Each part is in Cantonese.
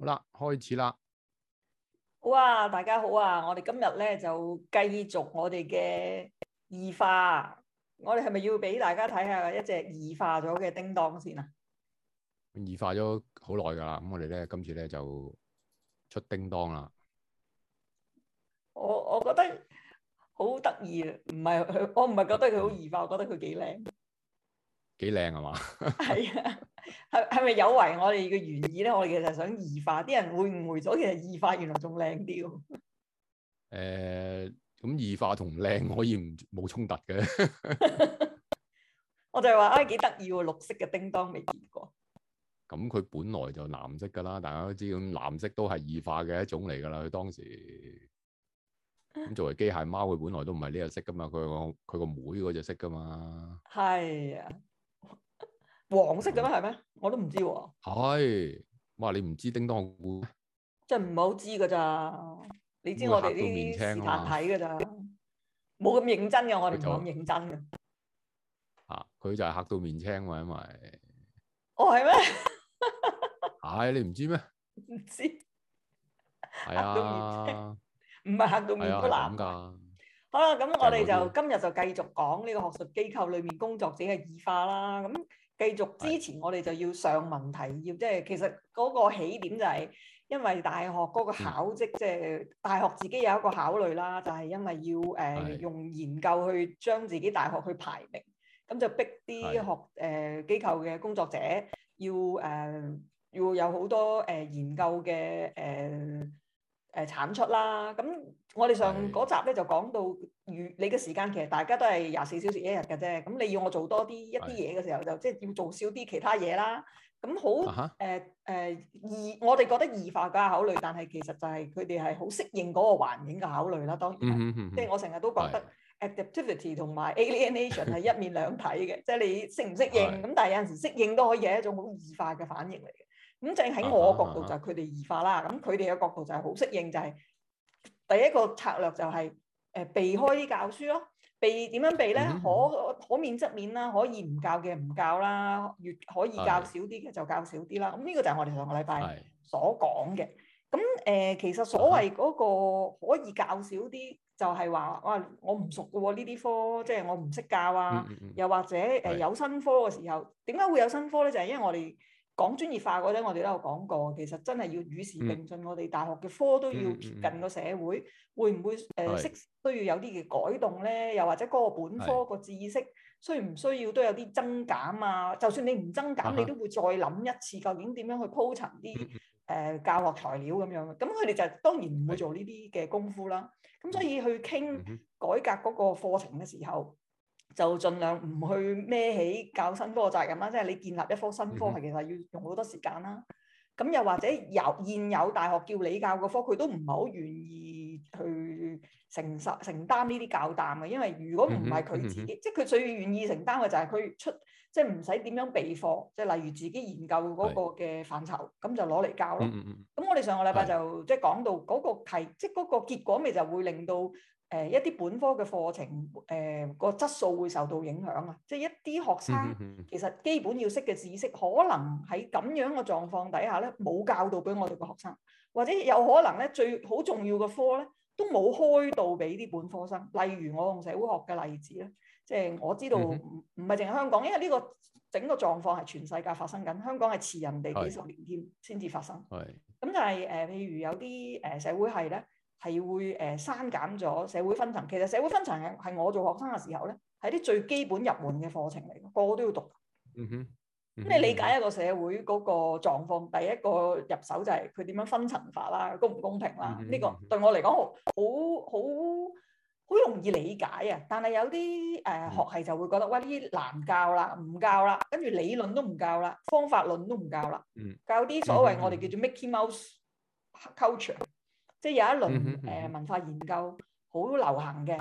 好啦，開始啦！好啊，大家好啊！我哋今日咧就繼續我哋嘅異化，我哋係咪要俾大家睇下一隻異化咗嘅叮當先啊？異化咗好耐噶啦，咁我哋咧今次咧就出叮當啦。我我覺得好得意，唔係我唔係覺得佢好異化，我覺得佢幾靚。幾靚係嘛？係 啊，係，係咪有違我哋嘅原意咧？我哋其實想異化，啲人會誤會咗，其實異化原來仲靚啲。誒、欸，咁異化同靚可以唔冇衝突嘅。 我就係話，哎，幾得意喎！綠色嘅叮當未見過。咁佢本來就藍色噶啦，大家都知咁，藍色都係異化嘅一種嚟噶啦。佢當時咁作為機械貓，佢本來都唔係呢個色噶嘛。佢個佢個妹嗰隻色噶嘛。係啊。黃色嘅咩係咩？我都唔知喎。係，哇！你唔知叮噹菇咩？即係唔係好知噶咋？你知我哋啲試探睇噶咋，冇咁認真嘅。我哋講認真嘅，吓佢就係嚇到面青喎，因為哦係咩？係你唔知咩？唔知，嚇到面青，唔係嚇到面都藍噶。好啦，咁我哋就今日就繼續講呢個學術機構裏面工作者嘅異化啦。咁。繼續之前，我哋就要上問題，要即係其實嗰個起點就係，因為大學嗰個考績，即係、嗯、大學自己有一個考慮啦，就係、是、因為要誒、呃、的用研究去將自己大學去排名，咁就逼啲學誒、呃、機構嘅工作者要誒、呃、要有好多誒、呃、研究嘅誒。呃誒產、呃、出啦，咁我哋上嗰的集咧就講到，如你嘅時間其實大家都係廿四小時一日嘅啫，咁你要我做多啲一啲嘢嘅時候，的就即係要做少啲其他嘢啦。咁好誒誒易，我哋覺得異化嘅考慮，但係其實就係佢哋係好適應嗰個環境嘅考慮啦。當然，嗯、哼哼哼即係我成日都覺得 adaptivity 同埋 alienation 係一面兩睇嘅， 即係你適唔適應咁的、嗯，但係有陣時適應都可以係一種好異化嘅反應嚟嘅。咁正喺我嘅角度就係佢哋異化啦。咁佢哋嘅角度就係好適應，就係、是、第一個策略就係誒避開啲教書咯。避點樣避咧？嗯、可可免則免啦，可以唔教嘅唔教啦。越可以教少啲嘅就教少啲啦。咁呢的個就係我哋上個禮拜所講嘅。咁誒的、呃，其實所謂嗰個可以教少啲、啊，就係話哇，我唔熟嘅喎呢啲科，即係我唔識教啊。又或者誒有新科嘅時候，點解的會有新科咧？就係、是、因為我哋。講專業化嗰陣，我哋都有講過。其實真係要與時並進，嗯、我哋大學嘅科都要貼近個社會，會，會。會唔會誒識需要有啲嘅改動咧？又或者嗰個本科個知識需唔需要都有啲增減啊？就算你唔增減，嗯、你都會再諗一次究竟點樣去鋪陳啲誒教學材料咁樣。咁佢哋就當然唔會做呢啲嘅功夫啦。咁所以去傾改革嗰個課程嘅時候，就盡量唔去孭起教新科嘅責任啦，即係你建立一科新科係其實要用好多時間啦。咁、嗯、哼又或者由現有大學叫你教個科，佢都唔係好願意去承實承擔呢啲教擔嘅，因為如果唔係佢自己，嗯、哼即係佢最願意承擔嘅就係佢出，即係唔使點樣備課，即係例如自己研究嗰個嘅範疇，咁是就攞嚟教咯。咁、嗯、哼我哋上個禮拜就即係是講到嗰、那個題，即係嗰個結果咪就會令到。誒、呃、一啲本科嘅課程，誒、呃、個質素會受到影響啊！即係一啲學生其實基本要識嘅知識， 可能喺咁樣嘅狀況底下咧，冇教導俾我哋嘅學生，或者有可能咧，最好重要嘅科咧，都冇開到俾啲本科生。例如我用社會學嘅例子咧，即係我知道唔唔係淨係香港，因為呢個整個狀況係全世界發生緊，香港係遲人哋幾十年添先至發生。係咁，但係誒，譬如有啲誒、呃、社會系咧，係會誒刪減咗社會分層。其實社會分層係我做學生嘅時候咧，係啲最基本入門嘅課程嚟，個個都要讀。嗯哼，咁、嗯、你理解一個社會嗰個狀況，第一個入手就係佢點樣分層法啦，公唔公平啦。呢、嗯嗯、個對我嚟講好好好容易理解啊。但係有啲誒、呃嗯、學系就會覺得喂呢啲難教啦，唔教啦，跟住理論都唔教啦，方法論都唔教啦，嗯嗯、教啲所謂我哋叫做 Mickey Mouse Culture。即係有一輪誒、呃、文化研究好流行嘅，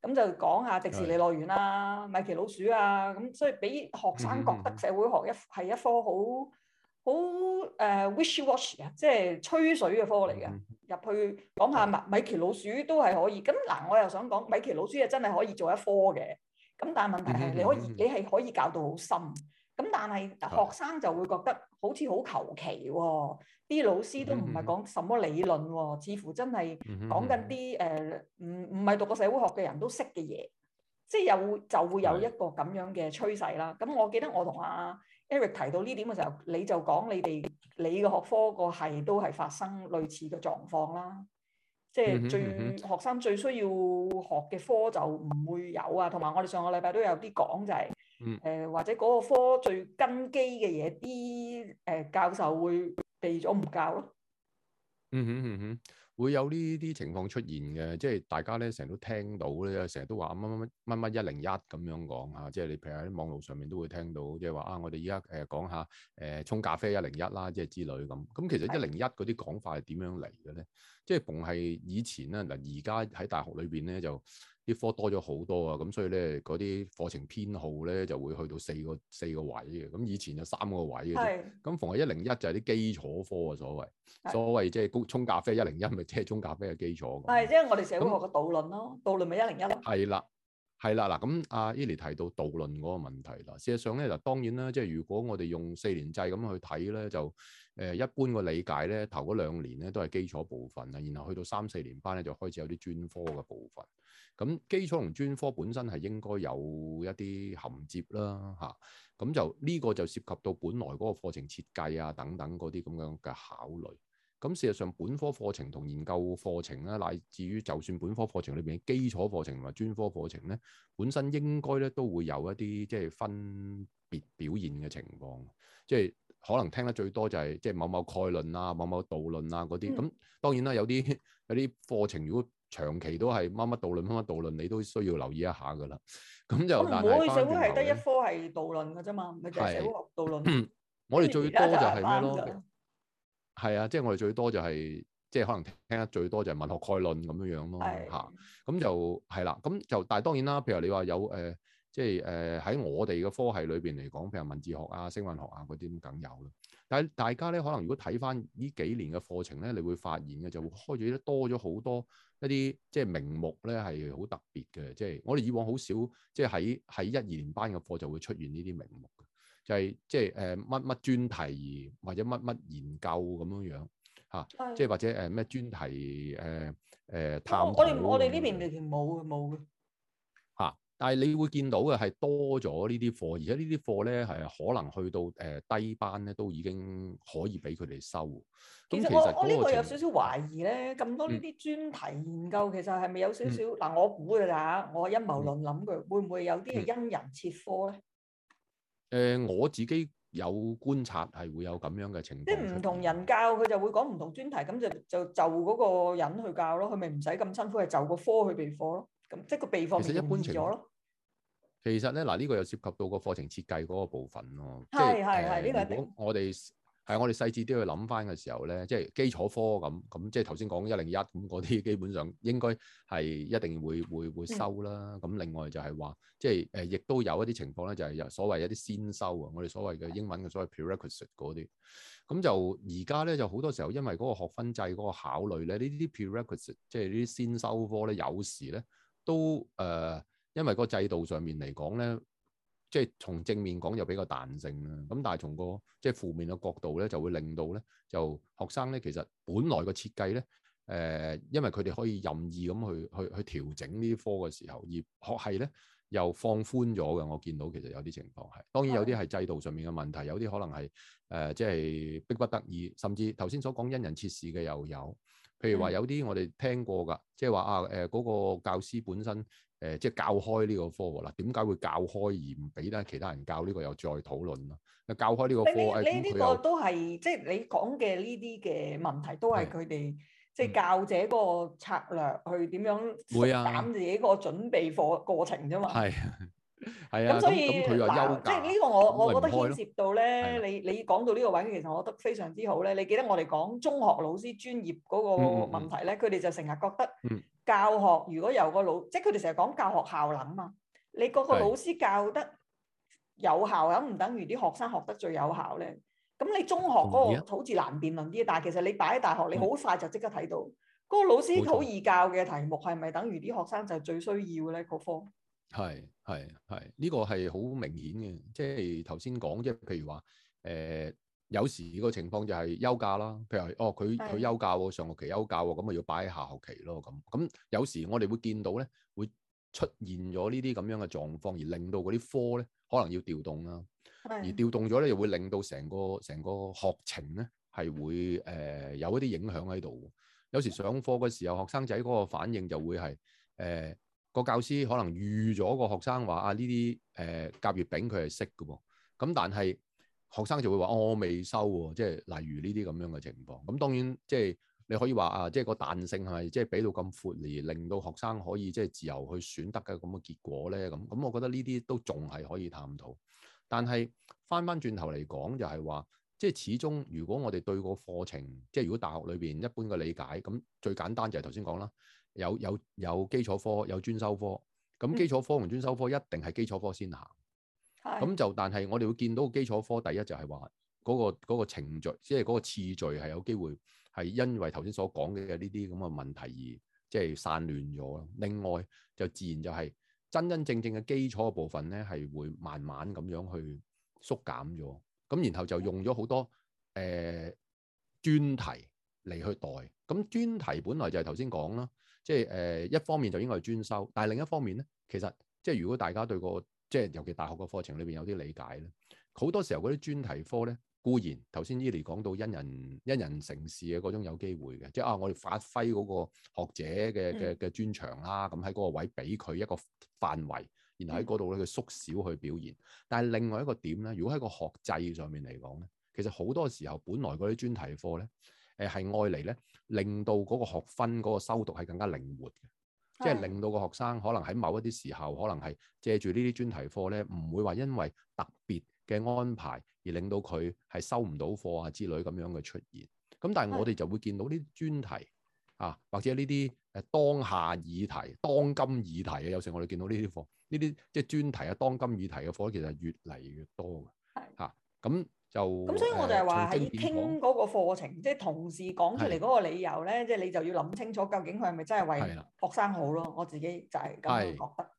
咁就講下迪士尼樂園啦、啊、米奇老鼠啊，咁所以俾學生覺得社會學一係、嗯、一科好好誒 wishy-washy 啊，呃、y，即係吹水嘅科嚟嘅。入、嗯、去講下米米奇老鼠都係可以，咁嗱我又想講米奇老鼠啊真係可以做一科嘅，咁但係問題係你可以你係可以教到好深。咁但係學生就會覺得好似好求其喎，啲、啊、老師都唔係講什麼理論喎、哦，嗯、哼似乎真係講緊啲誒，唔唔係讀過社會學嘅人都識嘅嘢，即、就、係、是、有就會有一個咁樣嘅趨勢啦。咁、嗯、哼我記得我同阿、啊、Eric 提到呢點嘅時候，你就講你哋你嘅學科個係都係發生類似嘅狀況啦，即、就、係、是、最、嗯嗯、學生最需要學嘅科就唔會有啊，同埋我哋上個禮拜都有啲講就係、是。就是嗯，誒、呃、或者嗰個科最根基嘅嘢啲誒教授會避咗唔教咯。嗯哼嗯哼，會有呢啲情況出現嘅，即係大家咧成日都聽到咧，成日都話乜乜乜乜乜一零一咁樣講嚇，即係你譬如喺網路上面都會聽到，即係話啊，我哋依家誒講下誒、呃、沖咖啡一零一啦，即係之類咁。咁其實一零一嗰啲講法係點樣嚟嘅咧？即係逢係以前咧，嗱而家喺大學裏邊咧就。啲科多咗好多啊，咁所以咧嗰啲課程編號咧就會去到四個四個位嘅，咁以前有三個位嘅。咁的逢係一零一就係啲基礎科啊。所謂，的所謂即係高沖咖啡一零一咪即係沖咖啡嘅基礎。係即係我哋社會學嘅導論咯，導那論咪一零一咯。係啦，係啦嗱，咁阿 Eli 提到導論嗰個問題啦，事實上咧嗱，當然啦，即係如果我哋用四年制咁去睇咧，就誒、呃、一般嘅理解咧，頭嗰兩年咧都係基礎部分啊，然後去到三四年班咧就開始有啲專科嘅部分。咁基礎同專科本身係應該有一啲銜接啦，嚇、啊、咁就呢、這個就涉及到本來嗰個課程設計啊等等嗰啲咁樣嘅考慮。咁、啊、事實上本科課程同研究課程啦，乃至於就算本科課程裏邊嘅基礎課程同埋專科課程咧，本身應該咧都會有一啲即係分別表現嘅情況，即係。可能聽得最多就係即係某某概論啊、某某導論啊嗰啲，咁當然啦，有啲有啲課程如果長期都係乜乜導論、乜乜導論，你都需要留意一下噶啦。咁就但係翻轉頭，我唔會社會係得一科係導論嘅啫嘛，咪就係社會學導論 我哋最多就係咩？係啊，即係我哋最多就係即係可能聽得最多就係文學概論咁樣樣咯嚇，咁就係啦，咁就但係當然啦，譬如你話有誒。呃即係誒喺我哋嘅科系裏邊嚟講，譬如文字學啊、聲韻學啊嗰啲，梗有啦。但係大家咧，可能如果睇翻呢幾年嘅課程咧，你會發現嘅就會開咗多咗好多一啲即係名目咧係好特別嘅。即係我哋以往好少，即係喺喺一二年班嘅課就會出現呢啲名目，就係、是、即係誒乜乜專題，或者乜乜研究咁樣樣嚇，即係或者誒咩、呃、專題誒誒、呃呃、探、哦、我哋我哋呢邊目前冇冇嘅。但係你會見到嘅係多咗呢啲課，而且呢啲課咧係可能去到誒、呃、低班咧，都已經可以俾佢哋收。咁其實我呢個，個有少少懷疑咧，咁多呢啲專題研究，其實係咪有少少嗱？我估嘅咋，我陰謀論諗嘅，嗯、會唔會有啲係因人設科咧？誒、呃，我自己有觀察係會有咁樣嘅情況。即係唔同人教佢就會講唔同專題，咁就就就嗰個人去教咯，佢咪唔使咁辛苦，係就，就，就個科去備課咯。咁即係個備課咪變咗咯？其實咧嗱，呢、呢個又涉及到個課程設計嗰個部分咯。係係係，呢個我哋係是我哋細緻啲去諗翻嘅時候咧，即係基礎科咁咁，即係頭先講一零一咁嗰啲，基本上應該係一定會會會收啦。咁、嗯、另外就係話，即係誒，亦、呃、都有一啲情況咧、嗯，就係有所謂一啲先修啊，我哋所謂嘅英文嘅所謂 prerequisite 嗰啲。咁就而家咧就好多時候，因為嗰個學分制嗰個考慮咧，呢啲 prerequisite 即係呢啲先修科咧，有時咧都誒。都呃都呃因為個制度上面嚟講咧，即係從正面講就比較彈性啦。咁但係從個即係負面嘅角度咧，就會令到咧就學生咧其實本來個設計咧，誒、呃，因為佢哋可以任意咁去去去調整呢科嘅時候，而學系咧又放寬咗嘅。我見到其實有啲情況係，當然有啲係制度上面嘅問題，有啲可能係誒、呃、即係逼不得已，甚至頭先所講因人設事嘅又有。譬如話有啲我哋聽過㗎，即係話啊誒嗰、呃那個教師本身誒、呃、即係教開呢個科喎，嗱點解會教開而唔俾得其他人教呢個又再討論咯？教開呢個科，呢呢個都係即係你講嘅呢啲嘅問題都，都係佢哋即係教者個策略去點樣減自己個準備課過程啫嘛。係是的。 係啊，咁、嗯、所以、嗯、即係呢個我我，我覺得牽涉到咧，的你你講到呢個位，其實我覺得非常之好咧。你記得我哋講中學老師專業嗰個問題咧，佢哋、嗯嗯、就成日覺得教學如果由個老，即係佢哋成日講教學效能啊嘛。你個個老師教得有效，咁唔等於啲學生學得最有效咧？咁你中學嗰個好似難辯論啲，嗯嗯、但係其實你擺喺大學，你好快就即刻睇到嗰、那個老師好易教嘅題目係咪等於啲學生就最需要嘅咧？科、那個。係係係，呢個係好明顯嘅，即係頭先講，即係譬如話，誒、呃、有時個情況就係休假啦，譬如哦佢佢的休假喎，上學期休假喎，咁咪要擺喺下學期咯咁。咁有時我哋會見到咧，會出現咗呢啲咁樣嘅狀況，而令到嗰啲科咧可能要調動啦，的而調動咗咧又會令到成個成個學程咧係會誒、呃、有一啲影響喺度。有時上課嘅時候，學生仔嗰個反應就會係誒。呃個教師可能預咗個學生話啊呢啲誒甲乙丙佢係識嘅噃，咁、呃哦、但係學生就會話、哦、我未收喎、哦，即係例如呢啲咁樣嘅情況。咁、嗯、當然即係你可以話啊，即係個彈性係咪即係俾到咁闊而令到學生可以即係自由去選得嘅咁嘅結果咧？咁、嗯、咁、嗯、我覺得呢啲都仲係可以探討。但係翻翻轉頭嚟講就，就係話即係始終如果我哋對個課程，即係如果大學裏邊一般嘅理解，咁最簡單就係頭先講啦。有有有基礎科，有專修科。咁基礎科同專修科一定係基礎科先行。咁係就但係我哋會見到基礎科第一就係話嗰個、嗰個程序，即係嗰個次序係有機會係因為頭先所講嘅呢啲咁嘅問題而即係、就是、散亂咗咯。另外就自然就係、係、真真正正嘅基礎嘅部分咧，係會慢慢咁樣去縮減咗。咁然後就用咗好多誒、呃、專題嚟去代。咁專題本來就係頭先講啦。即係誒、呃、一方面就應該係專修，但係另一方面咧，其實即係如果大家對個即係尤其大學嘅課程裏邊有啲理解咧，好多時候嗰啲專題科咧固然頭先 Eli 講到因人因人成事嘅嗰種有機會嘅，即係啊我哋發揮嗰個學者嘅嘅嘅專長啦，咁喺嗰個位俾佢一個範圍，然後喺嗰度咧佢縮小去表現。嗯、但係另外一個點咧，如果喺個學制上面嚟講咧，其實好多時候本來嗰啲專題科咧。誒係外嚟咧，令到嗰個學分嗰個修讀係更加靈活嘅，即係令到個學生可能喺某一啲時候，可能係借住呢啲專題課咧，唔會話因為特別嘅安排而令到佢係收唔到課啊之類咁樣嘅出現。咁但係我哋就會見到呢啲專題啊，或者呢啲誒當下議題、當今議題啊，有時我哋見到呢啲課，呢啲即係專題啊、當今議題嘅課，其實越嚟越多嘅。係嚇咁。就咁，所以我就係話喺傾嗰個課程，即係同事講出嚟嗰個理由咧，即係是的 你就要諗清楚，究竟佢係咪真係為是的 學生好咯？我自己就係咁覺得。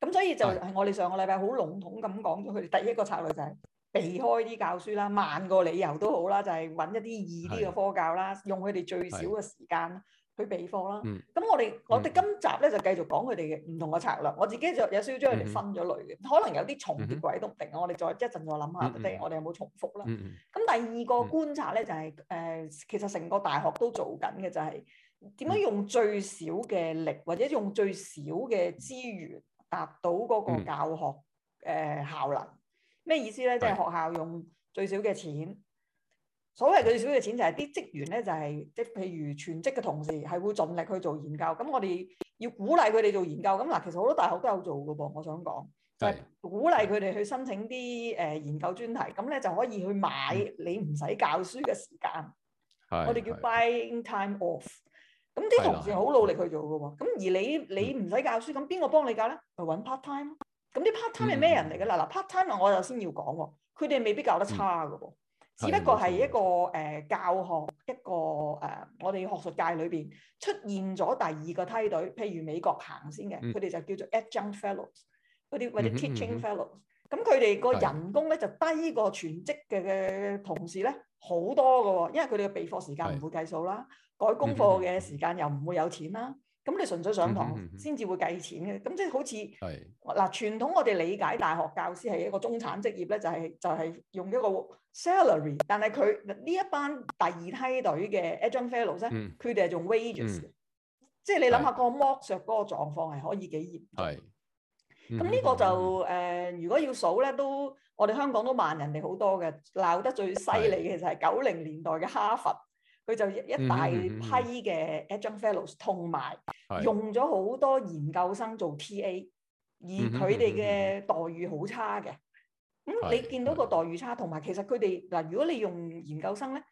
咁是的 所以就係我哋上個禮拜好籠統咁講咗，佢哋第一個策略就係避開啲教書啦，萬個理由都好啦，就係揾一啲易啲嘅科教啦，是的 用佢哋最少嘅時間。是的 佢備課啦，咁我哋、嗯、我哋今集咧就繼續講佢哋嘅唔同嘅策略。我自己就有少少將佢哋分咗類嘅，嗯、可能有啲重疊嘅都唔定、嗯、我哋再一陣再諗下，即係、嗯、我哋有冇重複啦。咁、嗯嗯、第二個觀察咧就係、是、誒、呃，其實成個大學都做緊嘅就係點樣用最少嘅力或者用最少嘅資源達到嗰個教學誒、呃、效能。咩意思咧？即、就、係、是、學校用最少嘅錢。所謂佢哋少嘅錢就係啲職員咧，就係即係譬如全職嘅同事係會盡力去做研究。咁我哋要鼓勵佢哋做研究。咁嗱，其實好多大學都有做噶噃。我想講，就係、鼓勵佢哋去申請啲誒研究專題。咁咧就可以去買你唔使教書嘅時間。我哋叫 buying time off。咁啲同事好努力去做噶喎。咁的而你你唔使教書，咁邊個幫你教咧？去揾 part time。咁啲 part time 係咩人嚟嘅？嗱嗱、嗯、part time 我就先要講喎，佢哋未必教得差噶噃。嗯只不過係一個誒、呃、教學一個誒、呃，我哋學術界裏邊出現咗第二個梯隊，譬如美國行先嘅，佢哋、嗯、就叫做 adjunct fellows，嗰啲或者 teaching fellows，咁佢哋個人工咧就低過全職嘅嘅同事咧好多㗎喎、哦，因為佢哋嘅備課時間唔會計數啦，嗯嗯，改功課嘅時間又唔會有錢啦。咁你純粹上堂先至會計錢嘅，咁即係好似嗱是、啊、傳統我哋理解大學教師係一個中產職業咧，就係、是、就係、是、用一個 salary，但係佢呢一班第二梯隊嘅 adjunct fellow 咧、嗯，佢哋係仲 wages、嗯、即係你諗下個剝削個狀況係可以幾嚴？係是。咁呢個就誒、呃，如果要數咧，都我哋香港都慢人哋好多嘅，鬧得最犀利嘅就係九零年代嘅哈佛。佢就一,一大批嘅 adjunct fellows，同埋用咗好多研究生做 TA，而佢哋嘅待遇好差嘅。咁你見到個待遇差，同埋其實佢哋嗱，如果你用研究生咧，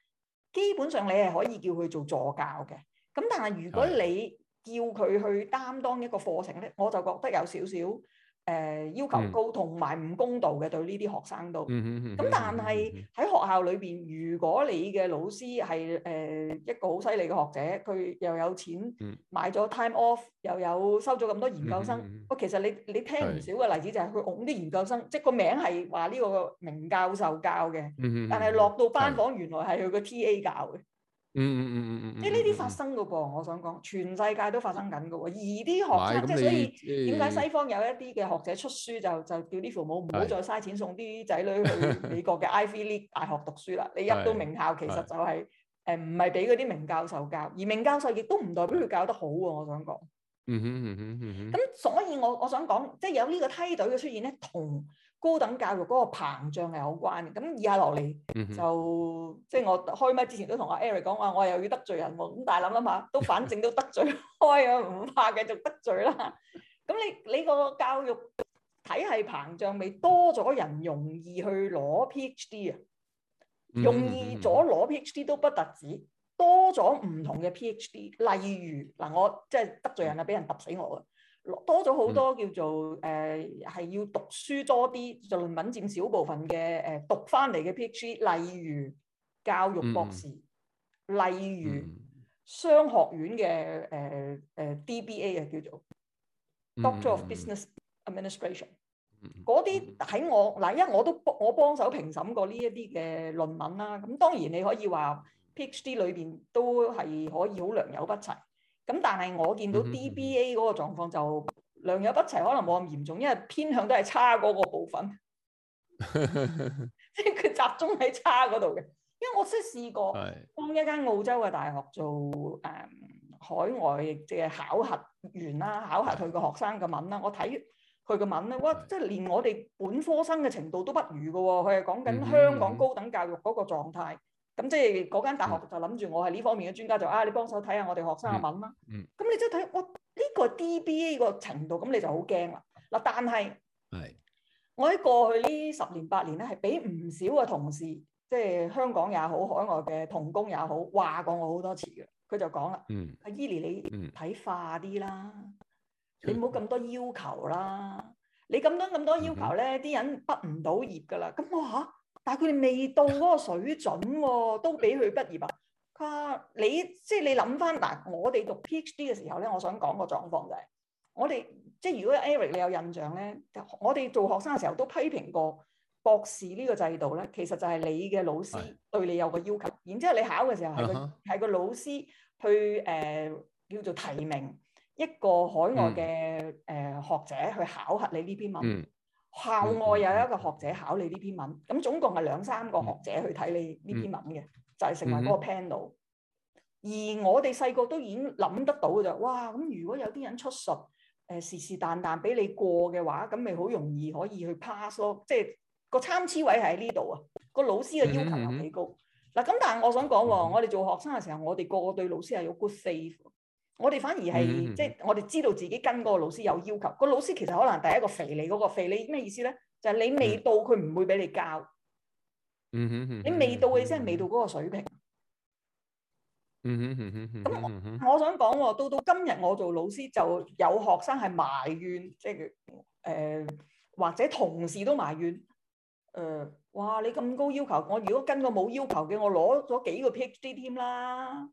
基本上你係可以叫佢做助教嘅。咁但係如果你叫佢去擔當一個課程咧，我就覺得有少少。誒、呃、要求高同埋唔公道嘅對呢啲學生都。咁、嗯、哼但係喺學校裏邊，如果你嘅老師係誒、呃、一個好犀利嘅學者，佢又有錢、嗯、買咗 time off，又有收咗咁多研究生，我、嗯嗯、其實你你聽唔少嘅例子就係佢嬸啲研究生，的即係個名係話呢個名教授教嘅，但係落到班房原來係佢個 TA 教嘅。的嗯嗯嗯嗯嗯，即係呢啲發生噶噃，我想講，全世界都發生緊噶喎，而啲學生，嗯嗯、即係所以點解、嗯、西方有一啲嘅學者出書就就叫啲父母唔好再嘥錢送啲仔女去美國嘅 Ivy League 大學讀書啦， 你入到名校其實就係誒唔係俾嗰啲名教授教，而名教授亦都唔代表佢教得好喎，我想講、嗯。嗯哼咁、嗯、所以我我想講，即係有呢個梯隊嘅出現咧，同。高等教育嗰個膨脹係有關嘅，咁以下落嚟就、嗯、哼即係我開咪之前都同阿 Eric 講話，我又要得罪人喎。咁但係諗諗下，都反正都得罪開啊，唔 怕繼續得罪啦。咁你你個教育體系膨脹咪多咗人容易去攞 PhD 啊，容易咗攞 PhD 都不特止，多咗唔同嘅 PhD，例如嗱，我即係得罪人啊，俾人揼死我啊！多咗好多叫做誒，係、呃、要讀書多啲，就論文佔少部分嘅誒、呃、讀翻嚟嘅 PhD，例如教育博士，嗯、例如商學院嘅誒誒、呃呃、DBA 啊叫做、嗯、Doctor of Business Administration 嗰啲喺我嗱，因、呃、為我都我幫手評審過呢一啲嘅論文啦、啊，咁當然你可以話 PhD 裏邊都係可以好良莠不齊。咁但係我見到 DBA 嗰個狀況就良莠不齊，可能冇咁嚴重，因為偏向都係差嗰個部分，即係佢集中喺差嗰度嘅。因為我識試過幫是一間澳洲嘅大學做誒、嗯、海外嘅考核員啦，考核佢個學生嘅文啦，我睇佢個文咧，哇！即係連我哋本科生嘅程度都不如㗎喎、哦，佢係講緊香港高等教育嗰個狀態。咁即係嗰間大學就諗住我係呢方面嘅專家就，就啊你幫手睇下我哋學生嘅文啦。咁、嗯嗯、你即係睇我呢個 DBA 個程度，咁你就好驚啦。嗱、啊，但係是我喺過去呢十年八年咧，係俾唔少嘅同事，即係香港也好、海外嘅同工也好，話過我好多次嘅。佢就講、嗯 e、啦，阿 Eli、嗯嗯、你睇化啲啦，你唔好咁多要求啦。你咁多咁多要求咧，啲、嗯嗯、人畢唔到業噶啦。咁我話，啊但係佢哋未到嗰個水準喎、哦，都俾佢畢業啊！佢話你即係你諗翻嗱，我哋讀 PhD 嘅時候咧，我想講個狀況就係、是，我哋即係如果 Eric 你有印象咧，我哋做學生嘅時候都批評過博士呢個制度咧，其實就係你嘅老師對你有個要求，是然之後你考嘅時候係個係的個老師去誒、呃、叫做提名一個海外嘅誒、嗯呃、學者去考核你呢篇文。嗯校外有一個學者考你呢篇文，咁總共係兩三個學者去睇你呢篇文嘅，嗯、就係成為嗰個 panel。而我哋細個都已經諗得到嘅就，哇！咁如果有啲人出術，誒、呃、是是但但俾你過嘅話，咁咪好容易可以去 pass 咯。即係個參差位喺呢度啊，個老師嘅要求係幾高。嗱咁、嗯，嗯嗯、但係我想講喎，嗯、我哋做學生嘅時候，我哋個個對老師係有 good safe。我哋反而係即係我哋知道自己跟個老師有要求，個老師其實可能第一個肥你嗰個肥你咩意思咧？就係、是、你未到，佢唔會俾你教。嗯哼，你未到嘅先思係未到嗰個水平。嗯哼哼哼。咁我我想講喎，到到今日我做老師就有學生係埋怨，即係誒或者同事都埋怨。誒、呃，哇！你咁高要求，我如果跟個冇要求嘅，我攞咗幾個 PhD 添啦。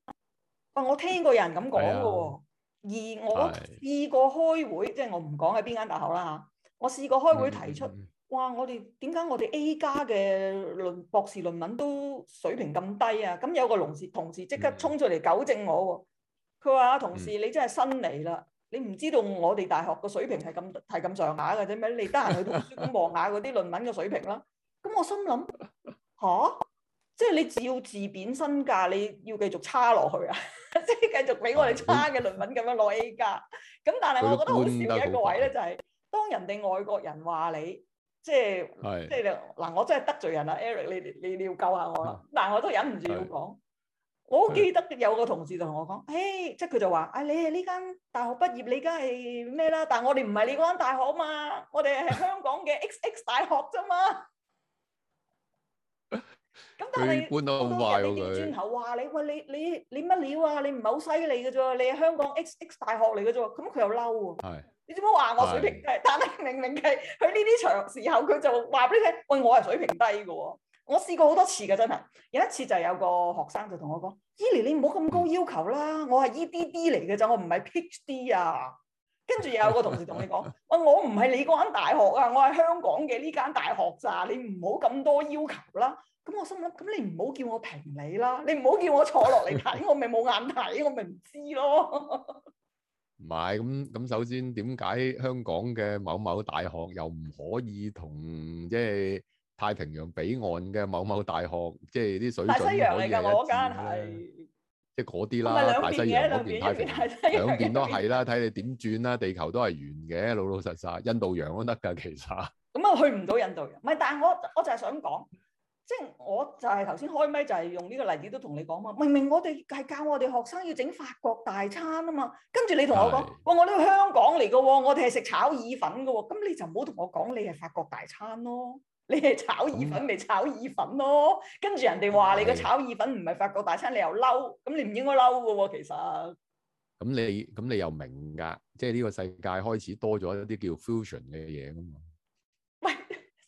哇！我聽過有人咁講嘅喎，哎、呀而我試過開會，是即係我唔講喺邊間大學啦吓。我試過開會提出，嗯、哇！我哋點解我哋 A 加嘅論博士論文都水平咁低啊？咁有個同事同事即刻衝出嚟糾正我喎。佢話、嗯，同事，你真係新嚟啦，你唔知道我哋大學個水平係咁係咁上下嘅啫咩？你得閒去圖書館望下嗰啲論文嘅水平啦。咁我心諗，吓、啊？」即係你只要自貶身價，你要繼續差落去啊！即 係繼續俾我哋差嘅論文咁樣攞 A 加。咁 但係我覺得好笑嘅一個位咧、就是，就係當人哋外國人話你，即係是即係嗱，我真係得罪人啦，Eric，你你你要救下我啦！嗱是，我都忍唔住要講，是我好記得有個同事就同我講，誒，即係佢就話，啊、哎，你係呢間大學畢業，你而家係咩啦？但係我哋唔係你嗰間大學嘛，我哋係香港嘅 XX 大學啫嘛。 咁但係好多呢啲轉頭，話你他喂，你你你乜料啊？你唔係好犀利嘅啫，你係香港 X X 大學嚟嘅啫，咁佢又嬲喎。係是，你做乜話我水平低？是但係明明係，佢呢啲長時候佢就話俾你聽，喂我係水平低嘅，我試過好多次嘅真係。有一次就有個學生就同我講，伊研你唔好咁高要求啦，我係 E D D 嚟嘅啫，我唔係 P H D 啊。跟住又有個同事同 你講，喂我唔係你嗰間大學啊，我係香港嘅呢間大學咋，你唔好咁多要求啦。咁我心諗，咁你唔好叫我評你啦，你唔好叫我坐落嚟睇，我咪冇眼睇，我咪唔知咯。唔係，咁咁首先點解香港嘅某某大學又唔可以同即係太平洋彼岸嘅某某大學即係啲水準？大西洋嚟㗎，我間係即係嗰啲啦。唔係兩邊嘅，兩邊類別太平洋，邊洋兩邊都係啦。睇你點轉啦，啊，地球都係圓嘅，老老實實。印度洋都得㗎，其實。咁啊，去唔到印度洋。唔係，但係我我就係想講。即我就係頭先開咪，就係用呢個例子都同你講嘛，明明我哋係教我哋學生要整法國大餐啊嘛，跟住你同我講，是哇！我呢個香港嚟㗎喎，我哋係食炒意粉㗎喎，哦，咁你就唔好同我講你係法國大餐咯，你係炒意粉咪、嗯、炒意粉咯，跟住人哋話你個炒意粉唔係法國大餐，你又嬲，咁你唔應該嬲㗎喎，其實。咁你咁你又明㗎，即係呢個世界開始多咗一啲叫 fusion 嘅嘢㗎嘛。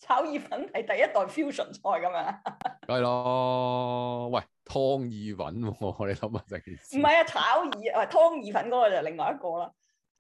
炒意粉係第一代 fusion 菜㗎嘛。梗係咯，喂，湯意粉喎，你諗下食係唔係啊？炒意啊湯意粉嗰個就另外一個啦，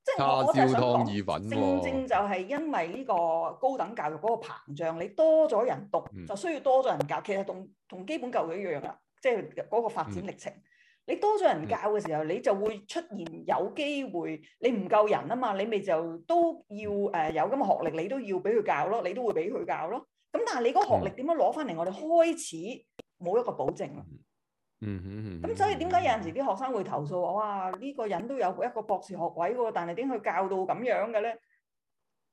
即係我我就係想講，正正就係因為呢個高等教育嗰個膨脹，你多咗人讀，嗯、就需要多咗人教，其實同同基本教育一樣啊，即係嗰個發展歷程。嗯你多咗人教嘅時候，你就會出現有機會你唔夠人啊嘛，你咪就都要誒有咁嘅學歷，你都要俾佢教咯，你都會俾佢教咯。咁但係你嗰個學歷點樣攞翻嚟？我哋開始冇一個保證咯，嗯。嗯嗯嗯。咁、嗯、所以點解有陣時啲學生會投訴話，哇，呢個人都有一個博士學位喎，但係點解佢教到咁樣嘅咧？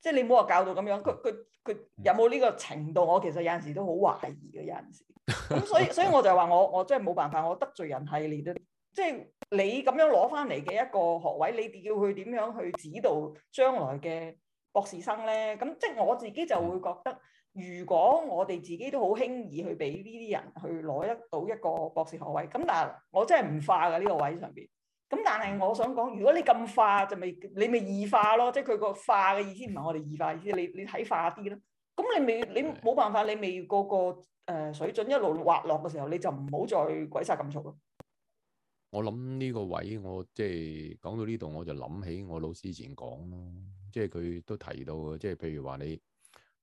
即係你唔好話教到咁樣，佢佢佢有冇呢個程度？我其實有陣時都好懷疑嘅，有陣時。咁所以所以我就話我我真係冇辦法，我得罪人係你，得。即係你咁樣攞翻嚟嘅一個學位，你叫佢點樣去指導將來嘅博士生咧？咁即係我自己就會覺得，如果我哋自己都好輕易去俾呢啲人去攞得到一個博士學位，咁但係，我真係唔化嘅呢個位上邊。咁、嗯、但係我想講，如果你咁化就咪你咪異化咯，即係佢個化嘅意思唔係我哋異化意思，你你睇化啲咯。咁你咪你冇辦法，你咪個個誒、呃、水準一路滑落嘅時候，你就唔好再鬼殺咁嘈咯。我諗呢個位，我即係講到呢度，我就諗起我老師前講咯，即係佢都提到嘅，即係譬如話你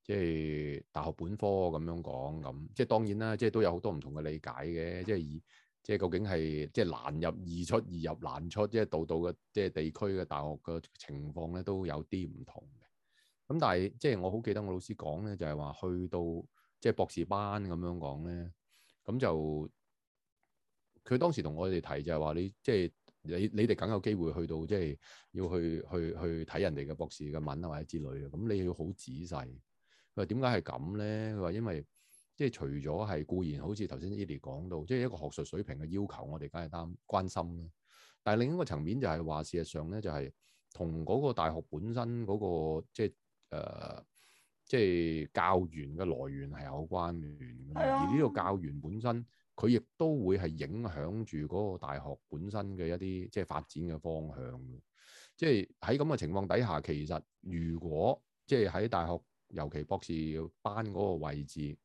即係大學本科咁樣講咁，即係當然啦，即係都有好多唔同嘅理解嘅，即係以。即係究竟係即係難入易出，易入難出，即係度度嘅即係地區嘅大學嘅情況咧都有啲唔同嘅。咁但係即係我好記得我老師講咧，就係話去到即係博士班咁樣講咧，咁就佢當時同我哋提就係話你即係你你哋梗有機會去到即係要去去去睇人哋嘅博士嘅文啊或者之類嘅，咁你要好仔細。佢話點解係咁咧？佢話因為。即係除咗係固然好似頭先 Eddy 講到，即係一個學術水平嘅要求，我哋梗係擔關心啦。但係另一個層面就係話，事實上咧就係同嗰個大學本身嗰、那個即係誒，即係、呃、教員嘅來源係有關聯嘅。而呢個教員本身，佢亦都會係影響住嗰個大學本身嘅一啲即係發展嘅方向。即係喺咁嘅情況底下，其實如果即係喺大學尤其博士班嗰個位置。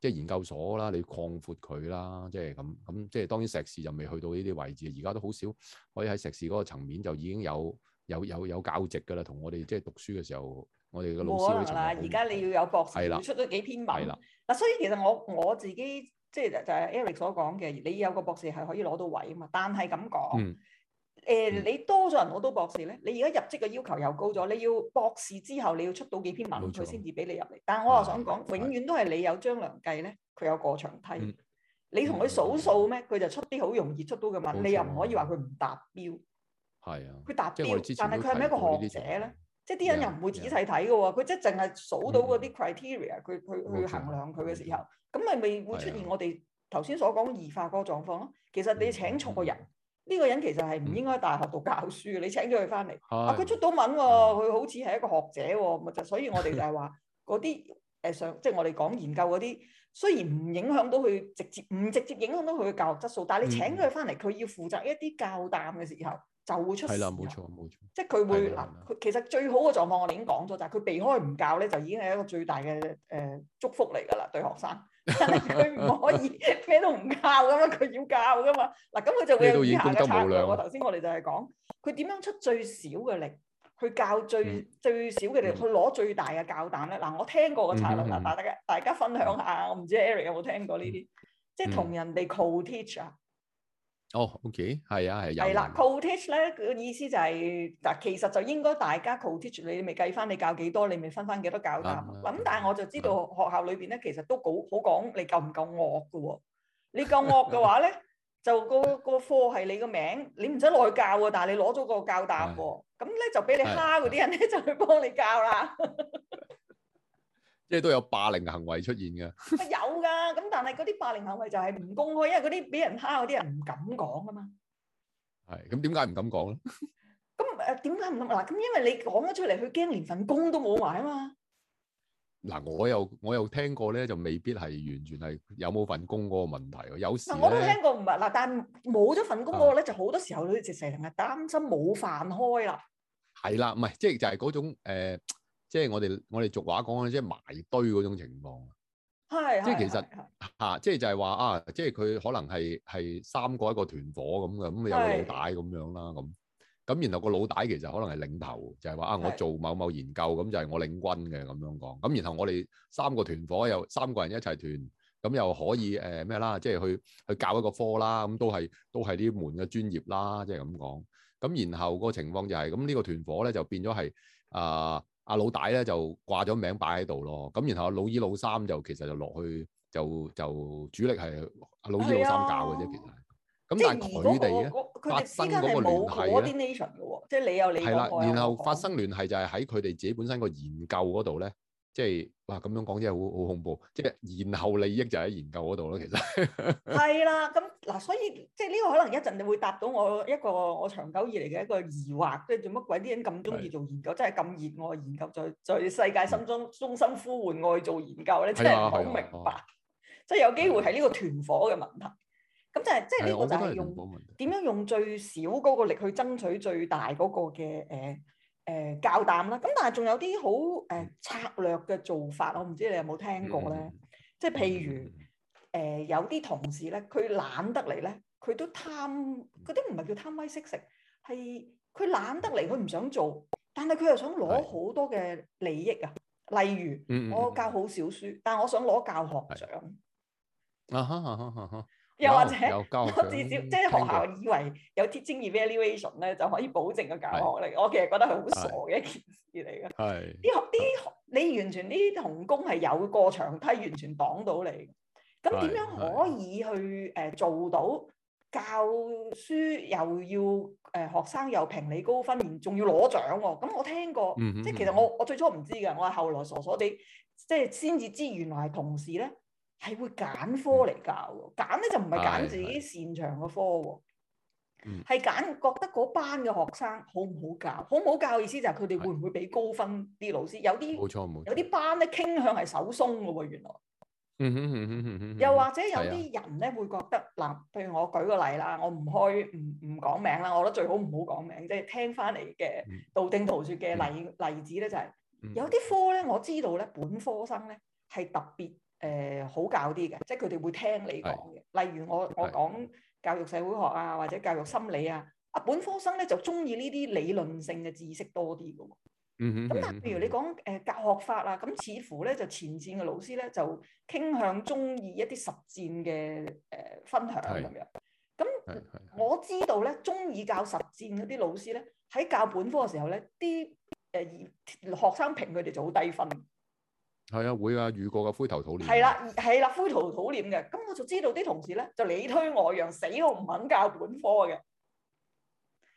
即係研究所啦，你擴闊佢啦，即係咁咁，即係當然碩士就未去到呢啲位置，而家都好少可以喺碩士嗰個層面就已經有有有有教職㗎啦。同我哋即係讀書嘅時候，我哋個老師冇可能啦。而家你要有博士，係啦，出咗幾篇文。嗱，所以其實我我自己即係就係 Eric 所講嘅，你有個博士係可以攞到位啊嘛。但係咁講。嗯誒，你多咗人我都博士咧。你而家入職嘅要求又高咗，你要博士之後你要出到幾篇文佢先至俾你入嚟。但係我又想講，永遠都係你有張良計咧，佢有過牆梯。你同佢數數咩？佢就出啲好容易出到嘅文，你又唔可以話佢唔達標。係啊，佢達標，但係佢係咪一個學者咧？即係啲人又唔會仔細睇嘅喎，佢即係淨係數到嗰啲 criteria，佢佢佢衡量佢嘅時候，咁咪咪會出現我哋頭先所講異化嗰個狀況咯？其實你請錯個人。呢個人其實係唔應該喺大學度教書嘅，嗯、你請咗佢翻嚟，哎、啊佢出到文喎、哦，佢、嗯、好似係一個學者喎、哦，就所以我哋就係話嗰啲誒上，即係我哋講研究嗰啲，雖然唔影響到佢直接，唔直接影響到佢嘅教學質素，但係你請咗佢翻嚟，佢、嗯、要負責一啲教擔嘅時候就會出事，係啦，冇錯冇錯，錯即係佢會嗱，佢的其實最好嘅狀況我哋已經講咗，就係、是、佢避開唔教咧，就已經係一個最大嘅誒祝福嚟㗎啦，對學生。真係佢唔可以咩都唔教噶嘛，佢要教噶嘛。嗱咁佢就會有以下嘅策略。我頭先我哋就係講，佢點樣出最少嘅力去教最、嗯、最少嘅力、嗯、去攞最大嘅教蛋咧。嗱我聽過嘅策略，嗱、嗯、大家、嗯、大家分享下。嗯、我唔知 Eric 有冇聽過呢啲，嗯嗯、即係同人哋 co-teach 啊。哦、oh，OK，係啊，係啊。係啦，co-teach 咧個意思就係、是、嗱，其實就應該大家 co-teach 你咪計翻你教幾多，你咪分翻幾多教擔。咁、um, 但係我就知道、uh, 學校裏邊咧，其實都、嗯、好好講你夠唔夠惡噶。你夠惡嘅話咧，就個個課係你個名，你唔使落去教啊，但係你攞咗個教擔喎、哦，咁咧、mm. 就俾你蝦嗰啲人咧就去幫你教啦。即係都有霸凌行為出現嘅， 有㗎。咁但係嗰啲霸凌行為就係唔公開，因為嗰啲俾人蝦嗰啲人唔敢講啊嘛。係，咁點解唔敢講咧？咁誒點解唔敢？嗱，咁因為你講咗出嚟，佢驚連份工都冇埋啊嘛。嗱，我又我又聽過咧，就未必係完全係有冇份工嗰個問題。有時我都聽過唔係嗱，但係冇咗份工嗰個咧，啊、就好多時候你直情係擔心冇飯開啦。係啦，唔係即係就係、是、嗰種、呃即係我哋我哋俗話講咧，即係埋堆嗰種情況啊，係，即係其實嚇，即係就係話啊，即係佢可能係係三個一個團伙咁嘅，咁有個老大咁樣啦，咁咁然後個老大其實可能係領頭，就係話啊，我做某某研究咁就係我領軍嘅咁樣講，咁然後我哋三個團伙又三個人一齊團，咁又可以誒咩啦，即係去去教一個科啦，咁都係都係啲門嘅專業啦，即係咁講，咁然後個情況就係咁呢個團伙咧就變咗係啊～阿老大咧就掛咗名擺喺度咯，咁然後老二老三就其實就落去就就主力係阿老二老三搞嘅啫，其實。咁、啊、但係佢哋咧，那個、發生嗰個聯繫、Coordination 嘅、哦、即係你有你係啦。啊、我我然後發生聯繫就係喺佢哋自己本身個研究嗰度咧。即係嗱，咁樣講真係好好恐怖。即係然後利益就喺研究嗰度咯，其實係啦。咁嗱， 所以即係呢個可能一陣你會答到我一個我長久以嚟嘅一個疑惑，即係做乜鬼啲人咁鍾意做研究，真係咁熱愛研究，在在世界心中衷心呼喚我去做研究咧，你真係唔好明白。即係 有機會係呢個團火嘅問題。咁就係、是、即係呢個就係用點樣用最少嗰個力去爭取最大嗰個嘅誒。 誒教膽啦，咁、呃、但係仲有啲好誒策略嘅做法，我唔知你有冇聽過咧？Mm hmm. 即係譬如誒、呃、有啲同事咧，佢懶得嚟咧，佢都貪啲唔係叫貪威識食，係佢懶得嚟，佢唔想做，但係佢又想攞好多嘅利益啊。是例如、mm hmm. 我教好少書，但係我想攞教學獎。啊哈啊哈啊哈！又或者，有教我至少過即係學校以為有啲 teaching evaluation 咧，就可以保證個教學嚟。是我其實覺得係好傻嘅一件事嚟嘅。啲學啲學，你完全啲同工係有過長梯，完全擋到你。咁點樣可以去誒是、呃呃、做到教書又要誒、呃、學生又評你高分，連仲要攞獎喎？咁我聽過，即係其實我我最初唔知嘅，我係後來傻傻哋，即係先至知原來係同事咧。係會揀科嚟教，揀咧、嗯、就唔係揀自己擅長嘅科，係揀、哎、覺得嗰班嘅學生好唔好教，嗯、好唔好教嘅意思就係佢哋會唔會俾高分啲老師？有啲冇錯冇錯，有啲班咧傾向係手鬆噶喎，原來。嗯嗯嗯嗯嗯、又或者有啲人咧、嗯、會覺得，嗱，譬如我舉個例啦，我唔開唔唔講名啦，我覺得最好唔好講名，即、就、係、是、聽翻嚟嘅道聽途說嘅例、嗯嗯嗯、例子咧、就是，就係有啲科咧，我知道咧，本科生咧係特別。誒、呃、好教啲嘅，即係佢哋會聽你講嘅。的例如我我講教育社會學啊，或者教育心理啊，啊本科生咧就中意呢啲理論性嘅知識多啲嘅喎。嗯哼。咁但係譬如你講誒、呃、教學法啊，咁似乎咧就前線嘅老師咧就傾向中意一啲實戰嘅誒分享咁樣。係係。咁我知道咧，中意教實戰嗰啲老師咧，喺教本科嘅時候咧，啲誒學生評佢哋就好低分。係啊，會啊，遇過嘅灰頭土臉。係啦、啊，係啦、啊，灰頭土臉嘅，咁我就知道啲同事咧，就你推我讓，死都唔肯教本科嘅。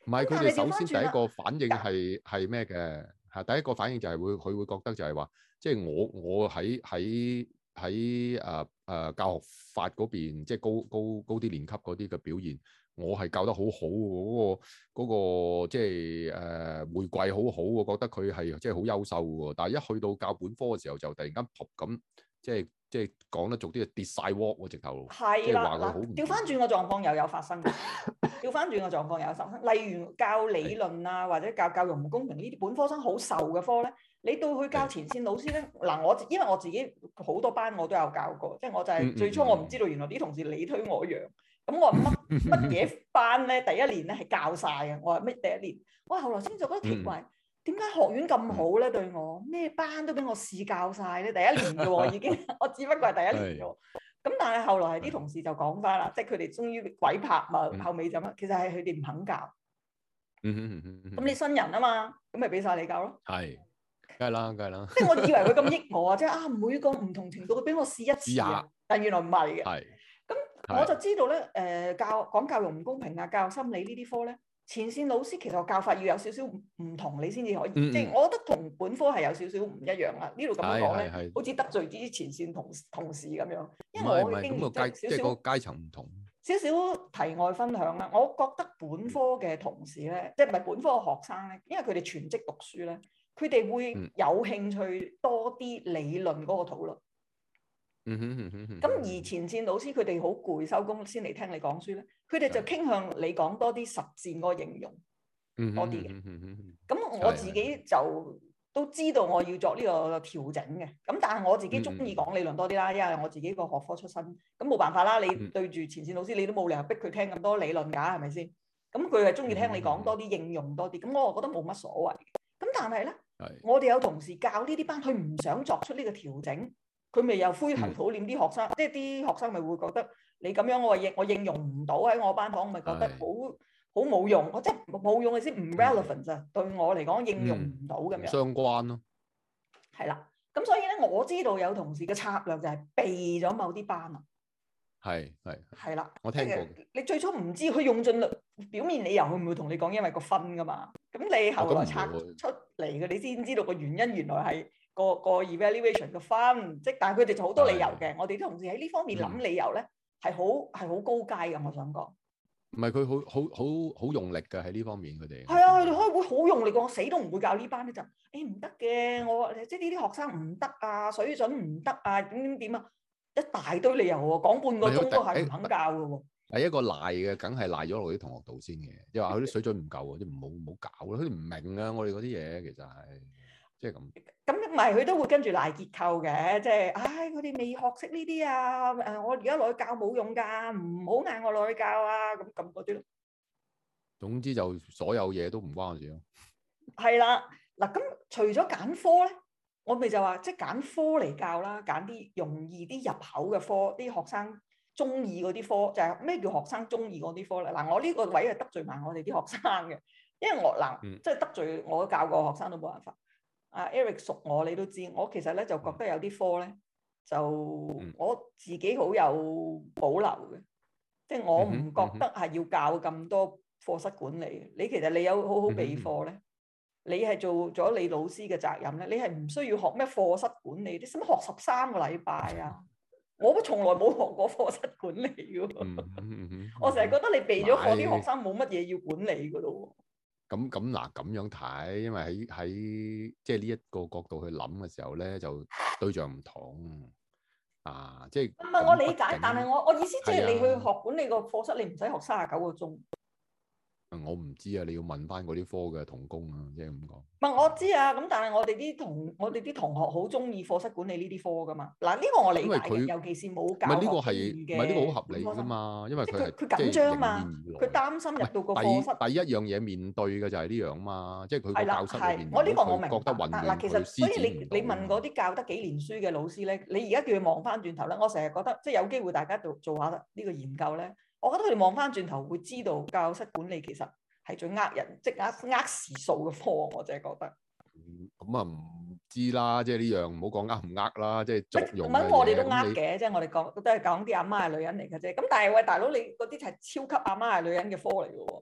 唔係，佢哋首先第一個反應係係咩嘅？嚇，啊啊、第一個反應就係會佢會覺得就係話，即係我我喺喺喺誒誒教學法嗰邊，即係高高高啲年級嗰啲嘅表現。我係教得好好喎，嗰、嗰個、嗰個、即係誒、呃、玫瑰好好，我覺得佢係即係好優秀喎。但係一去到教本科嘅時候，就突然間噗咁，即係即係講得俗啲啊，跌晒鑊喎，直頭。係啦。調翻轉個狀況又有發生，調翻轉個狀況又有發生。例如教理論啊，或者教教育唔公平呢啲本科生好受嘅科咧，你到去教前線老師咧，嗱，我因為我自己好多班我都有教過，即係我就係最初我唔知道原來啲同事你推我讓。咁我乜乜嘢班咧？第一年咧係教晒嘅。我話咩第一年？我後來先就覺得奇怪，點解、嗯、學院咁好咧？對我咩班都俾我試教晒咧？第一年嘅喎已，已經， 我只不過係第一年喎。咁是但係後來係啲同事就講翻啦，即係佢哋終於鬼拍嘛、嗯、後尾就乜？其實係佢哋唔肯教。嗯咁、嗯嗯嗯、你新人啊嘛，咁咪俾晒你教咯。係，梗係啦，梗係啦。即係我以為佢咁益我 啊，即係啊每個唔同程度佢俾我試一次，但原來唔係嘅。是我就知道咧，誒、呃、教講教育唔公平啊，教育心理呢啲科咧，前線老師其實教法要有少少唔同，你先至可以。即係、嗯嗯、我覺得同本科係有少少唔一樣啊。這這呢度咁講咧，是是是好似得罪啲前線同同事咁樣。因為我經歷即係少少嗰個階層唔同。少少題外分享啦，我覺得本科嘅同事咧，即係唔係本科嘅學生咧，因為佢哋全職讀書咧，佢哋會有興趣多啲理論嗰個討論。嗯哼，咁而前線老師佢哋好攰，收工先嚟聽你講書咧，佢哋就傾向你講多啲實戰個應用，多啲嘅。咁我自己就都知道我要作呢個調整嘅。咁但係我自己中意講理論多啲啦，因為我自己個學科出身，咁冇辦法啦。你對住前線老師，你都冇理由逼佢聽咁多理論噶，係咪先？咁佢係中意聽你講多啲應用多啲。咁我覺得冇乜所謂。咁但係咧，我哋有同事教呢啲班，佢唔想作出呢個調整。佢咪又灰頭土臉啲學生，嗯、即係啲學生咪會覺得你咁樣我應我應用唔到喺我班房，咪覺得好好冇用，我即係冇用嘅先唔 relevant 咋、嗯，對我嚟講應用唔到咁樣。相關咯、啊，係啦，咁所以咧，我知道有同事嘅策略就係避咗某啲班啊。係係係啦，我聽過。你最初唔知佢用盡表面理由，佢唔會同你講，因為個分噶嘛。咁你後來拆出嚟嘅，你先知道個原因，原來係。個個 evaluation 嘅分，即但係佢哋就好多理由嘅。的我哋啲同事喺呢方面諗理由咧，係好係好高階嘅。我想講，唔係佢好好好好用力嘅喺呢方面，佢哋係啊，佢哋開會好用力嘅，我死都唔會教呢班咧就，誒唔得嘅，我即係呢啲學生唔得啊，水準唔得啊，點點點啊，一大堆理由喎、啊，講半個鐘都係唔肯教嘅喎。係、哎哎哎哎、一個賴嘅，梗係賴咗落啲同學度先嘅。又話佢啲水準唔夠，啲唔好唔好搞咯，佢哋唔明，啊，明啊，我哋嗰啲嘢其實係。即係咁，咁唔係佢都會跟住嚟結構嘅，即係，唉、哎，佢哋未學識呢啲啊，誒，我而家落去教冇用噶，唔好嗌我落去教啊，咁咁嗰啲咯。總之就所有嘢都唔關我事咯。係啦， 嗱，咁除咗揀科咧，我咪就話即係揀科嚟教啦，揀啲容易啲入口嘅科，啲學生中意嗰啲科，就係、是、咩叫學生中意嗰啲科咧？嗱，我呢個位係得罪埋我哋啲學生嘅，因為我嗱，嗯、即係得罪我教過嘅學生都冇辦法。阿 Eric 熟我，你都知。我其實咧就覺得有啲科咧，就我自己好有保留嘅。即係我唔覺得係要教咁多課室管理。你其實你有好好備課咧，你係做咗你老師嘅責任咧。你係唔需要學咩課室管理啲？使乜學十三個禮拜啊？我從來冇學過課室管理噶。 我成日覺得你備咗課，啲學生冇乜嘢要管理噶咯。咁咁，嗱，咁樣睇，因為喺喺即係呢一個角度去諗嘅時候咧，就對象唔同啊，即係唔係我理解，但係我我意思即係你去學管理個課室，的你唔使學三十九個鐘。我唔知啊，你要問翻嗰啲科嘅同工啊，即係咁講。唔係、嗯、我知啊，咁但係我哋啲同我哋啲同學好中意課室管理呢啲科噶嘛。嗱、這、呢個我理解。尤其是冇教呢面嘅，唔係呢個好合理啫嘛。因為佢佢是緊張嘛，佢擔心入到個課室。第一，第一樣嘢面對嘅就係呢樣嘛，即係佢教室面對佢覺得穩定。嗱，其實所以你你問嗰啲教得幾年書嘅老師咧，你而家叫佢望翻轉頭咧，我成日覺得即係有機會大家做做下呢個研究咧。我覺得佢哋望翻轉頭會知道教室管理其實係最呃人即係呃時數嘅科。我淨係覺得咁啊，唔知啦，即係呢樣唔好講呃唔呃啦，即係。唔揾課我哋都呃嘅你、嗯，即係我哋講都係講啲阿媽係女人嚟嘅啫。咁但係喂，大佬，你嗰啲就係超級阿媽係女人嘅科嚟嘅喎。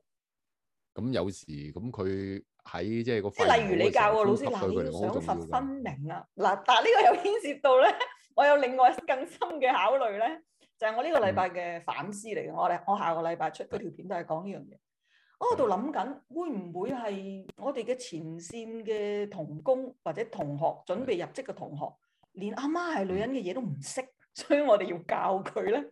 咁有時咁佢喺即係個，即係例如你教個老師嗱，你想賞罰分明啊嗱、嗯，但呢個又牽涉到咧， 我有另外更深嘅考慮咧。就係我呢個禮拜嘅反思嚟嘅。我咧，我下個禮拜出嗰條片都係講呢樣嘢。我喺度諗緊，會唔會係我哋嘅前線嘅同工或者同學，準備入職嘅同學，連阿媽係女人嘅嘢都唔識，所以我哋要教佢咧。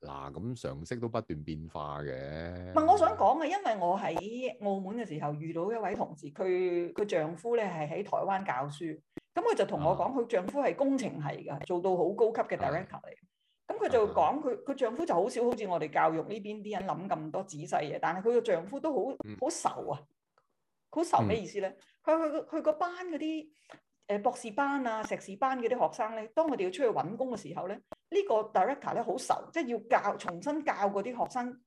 嗱，咁常識都不斷變化嘅。唔係，我想講嘅，因為我喺澳門嘅時候遇到一位同事，佢佢丈夫咧係喺台灣教書，咁佢就同我講，佢、啊、丈夫係工程系㗎，做到好高級嘅 director 嚟。咁佢就講佢佢丈夫就好少好似我哋教育呢邊啲人諗咁多仔細嘢，但係佢個丈夫都好好愁啊！好愁咩意思咧？佢佢佢個班嗰啲誒博士班啊、碩士班嗰啲學生咧，當我哋要出去揾工嘅時候咧，這個、呢個 director 咧好愁，即係要教重新教嗰啲學生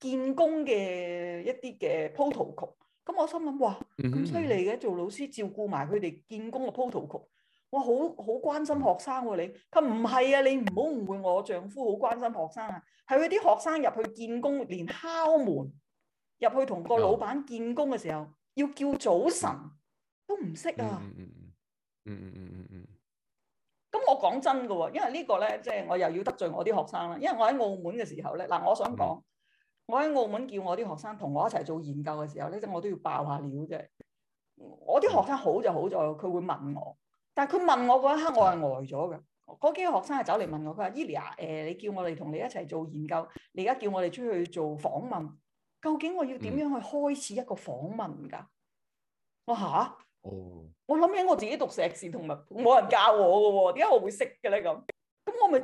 見工嘅一啲嘅鋪圖曲。咁我心諗哇，咁犀利嘅，做老師照顧埋佢哋見工嘅鋪圖曲。我好好關心學生喎，你佢唔係啊？你唔好誤會我丈夫好關心學生啊。係佢啲學生入、啊、去見工，連敲門入去同個老闆見工嘅時候，要叫早晨都唔識啊。嗯嗯嗯嗯嗯嗯嗯。咁、嗯嗯嗯嗯嗯、我講真㗎喎、啊，因為個呢個咧，即、就、係、是、我又要得罪我啲學生啦。因為我喺澳門嘅時候咧，嗱，我想講、嗯、我喺澳門叫我啲學生同我一齊做研究嘅時候咧，即、就是、我都要爆下料啫。我啲學生好就好在佢會問我。但係佢問我嗰一刻，我係呆咗嘅。嗰幾個學生係走嚟問我，佢話 Elijah，誒，你叫我哋同你一齊做研究。你而家叫我哋出去做訪問，究竟我要點樣去開始一個訪問㗎？我嚇，哦！我諗起我自己讀碩士同埋冇人教我嘅喎，點解我會識嘅咧？咁咁我咪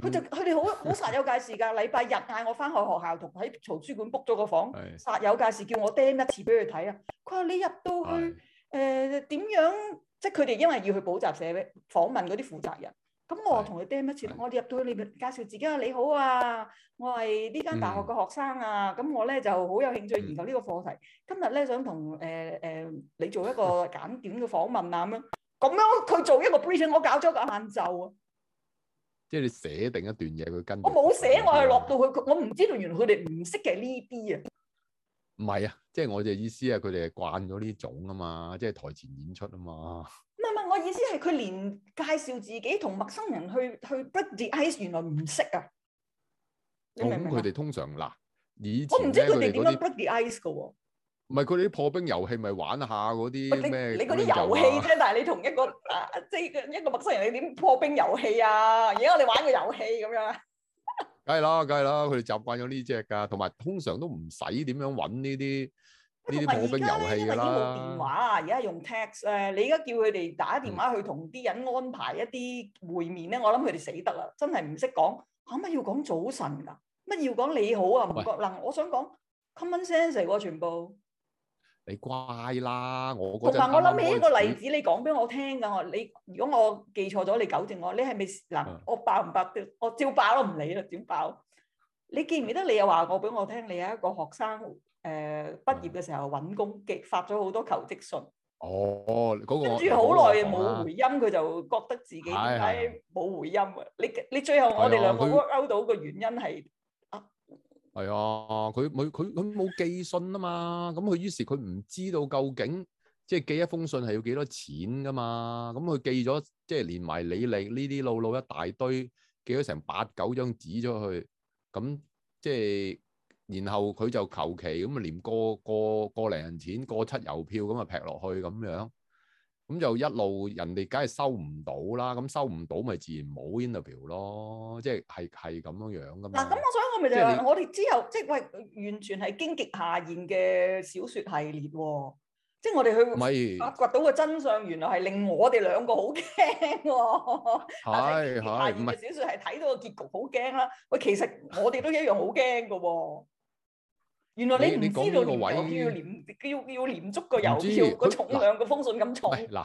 佢就佢哋好好煞有介事㗎。禮拜日嗌我翻去學校同喺圖書館 book 咗個房，煞有介事叫我釘一次俾佢睇啊！佢話你入到去誒點樣？即係佢哋因為要去補習社訪問嗰啲負責人，咁我同佢 damn 一次，我入到去你介紹自己啊，你好啊，我係呢間大學嘅學生啊，咁、嗯、我咧就好有興趣研究呢個課題，今日咧想同誒誒你做一個簡短嘅訪問啊，咁 樣咁樣佢做一個 briefing 我搞咗個晏晝啊，即係你寫定一段嘢佢跟我，我冇寫，嗯、我係落到去，我唔知道原來佢哋唔識嘅呢啲啊。唔係啊，即係我哋意思啊，佢哋係慣咗呢種啊嘛，即係台前演出啊嘛。唔係唔係，我意思係佢連介紹自己同陌生人去去 break the ice，原來唔識啊。咁佢哋通常嗱，以我唔知佢哋點樣 break the ice 噶喎。唔係佢哋啲破冰遊戲，咪玩下嗰啲咩？你嗰啲遊戲啫，嗯、但係你同一個啊，即係一個陌生人，你點破冰遊戲啊？而家我哋玩個遊戲咁樣。梗係啦，梗係啦，佢哋習慣咗呢隻㗎，同埋通常都唔使點樣揾呢啲呢啲破冰遊戲㗎啦。因為而家電話啊，而家用 text 誒，你而家叫佢哋打電話去同啲人安排一啲會面咧，嗯、我諗佢哋死得啦，真係唔識講，嚇、啊、乜要講早晨㗎，乜要講你好啊？唔覺嗱，喂我想講 common sense 喎，全部、啊。你乖啦，我嗰同埋我諗起一個例子你，你講俾我聽㗎，我你如果我記錯咗，你糾正我。你係咪嗱？嗯、我爆唔爆？我照爆都唔理啦，點爆？你記唔記得你？你又話我俾我聽，你有一個學生誒、呃、畢業嘅時候揾工，激發咗好多求職信。哦，嗰、那個跟住好耐冇回音，佢就覺得自己點解冇回音啊？哎、呀你你最後我哋兩個 work out 到嘅原因係？係啊，佢冇佢佢冇寄信啊嘛，咁佢於是佢唔知道究竟即係、就是、寄一封信係要幾多錢噶嘛，咁佢寄咗即係連埋履歷呢啲老老一大堆，寄咗成八九張紙出去，咁即係然後佢就求其咁啊，連個個個零錢個七郵票咁啊劈落去咁樣。咁就一路人哋梗係收唔到啦，咁收唔到咪自然冇 interview 咯，即係係係咁樣樣噶嘛。嗱、啊，咁、嗯、我想我咪就係我哋之後，即係喂完全係京極夏彥嘅小説系列喎、哦，即係我哋去唔是發掘到個真相，原來係令我哋兩個好驚喎。係唔係？小説係睇到個結局好驚啦，是喂，其實我哋都一樣好驚噶喎。原來你唔知道你個位要要要黏足個郵票個重量個封信咁重。嗱，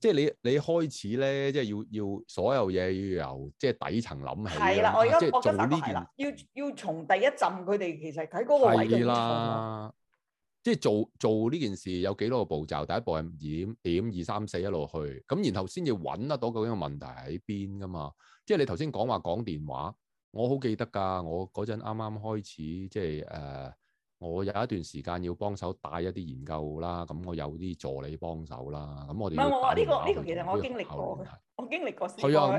即係你你開始咧，即係要要所有嘢要由即係底層諗起。係啦，我而家、啊、我而家諗到係啦，要要從第一陣佢哋其實喺嗰個位置。係啲啦，即係做做呢件事有幾多個步驟？第一步係二點點二三四一路去，咁然後先至揾得到究竟個問題喺邊噶嘛？即係你頭先講話講電話。我好記得㗎，我嗰陣啱啱開始，即係誒，我有一段時間要幫手帶一啲研究啦，咁我有啲助理幫手啦，咁我哋唔係我話呢個呢個，其實我經歷過嘅，我經歷過。係啊，誒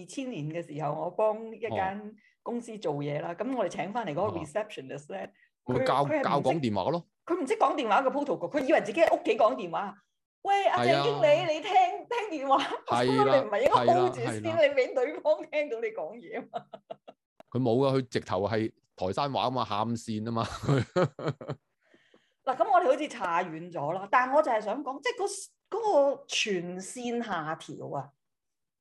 二千年嘅時候，我幫一間公司做嘢啦，咁我哋請翻嚟嗰個 receptionist 咧，佢教教講電話咯，佢唔識講電話嘅 poetical，佢以為自己喺屋企講電話。喂，阿、啊、鄭經理，啊、你聽聽電話，我覺、啊、你唔係應該 hold 住先，啊啊、你俾對方聽到你講嘢啊嘛？佢冇啊，佢直頭係台山話啊嘛，喊線啊嘛。嗱，咁我哋好似查遠咗啦。但係我就係想講，即係嗰嗰個全線下調啊，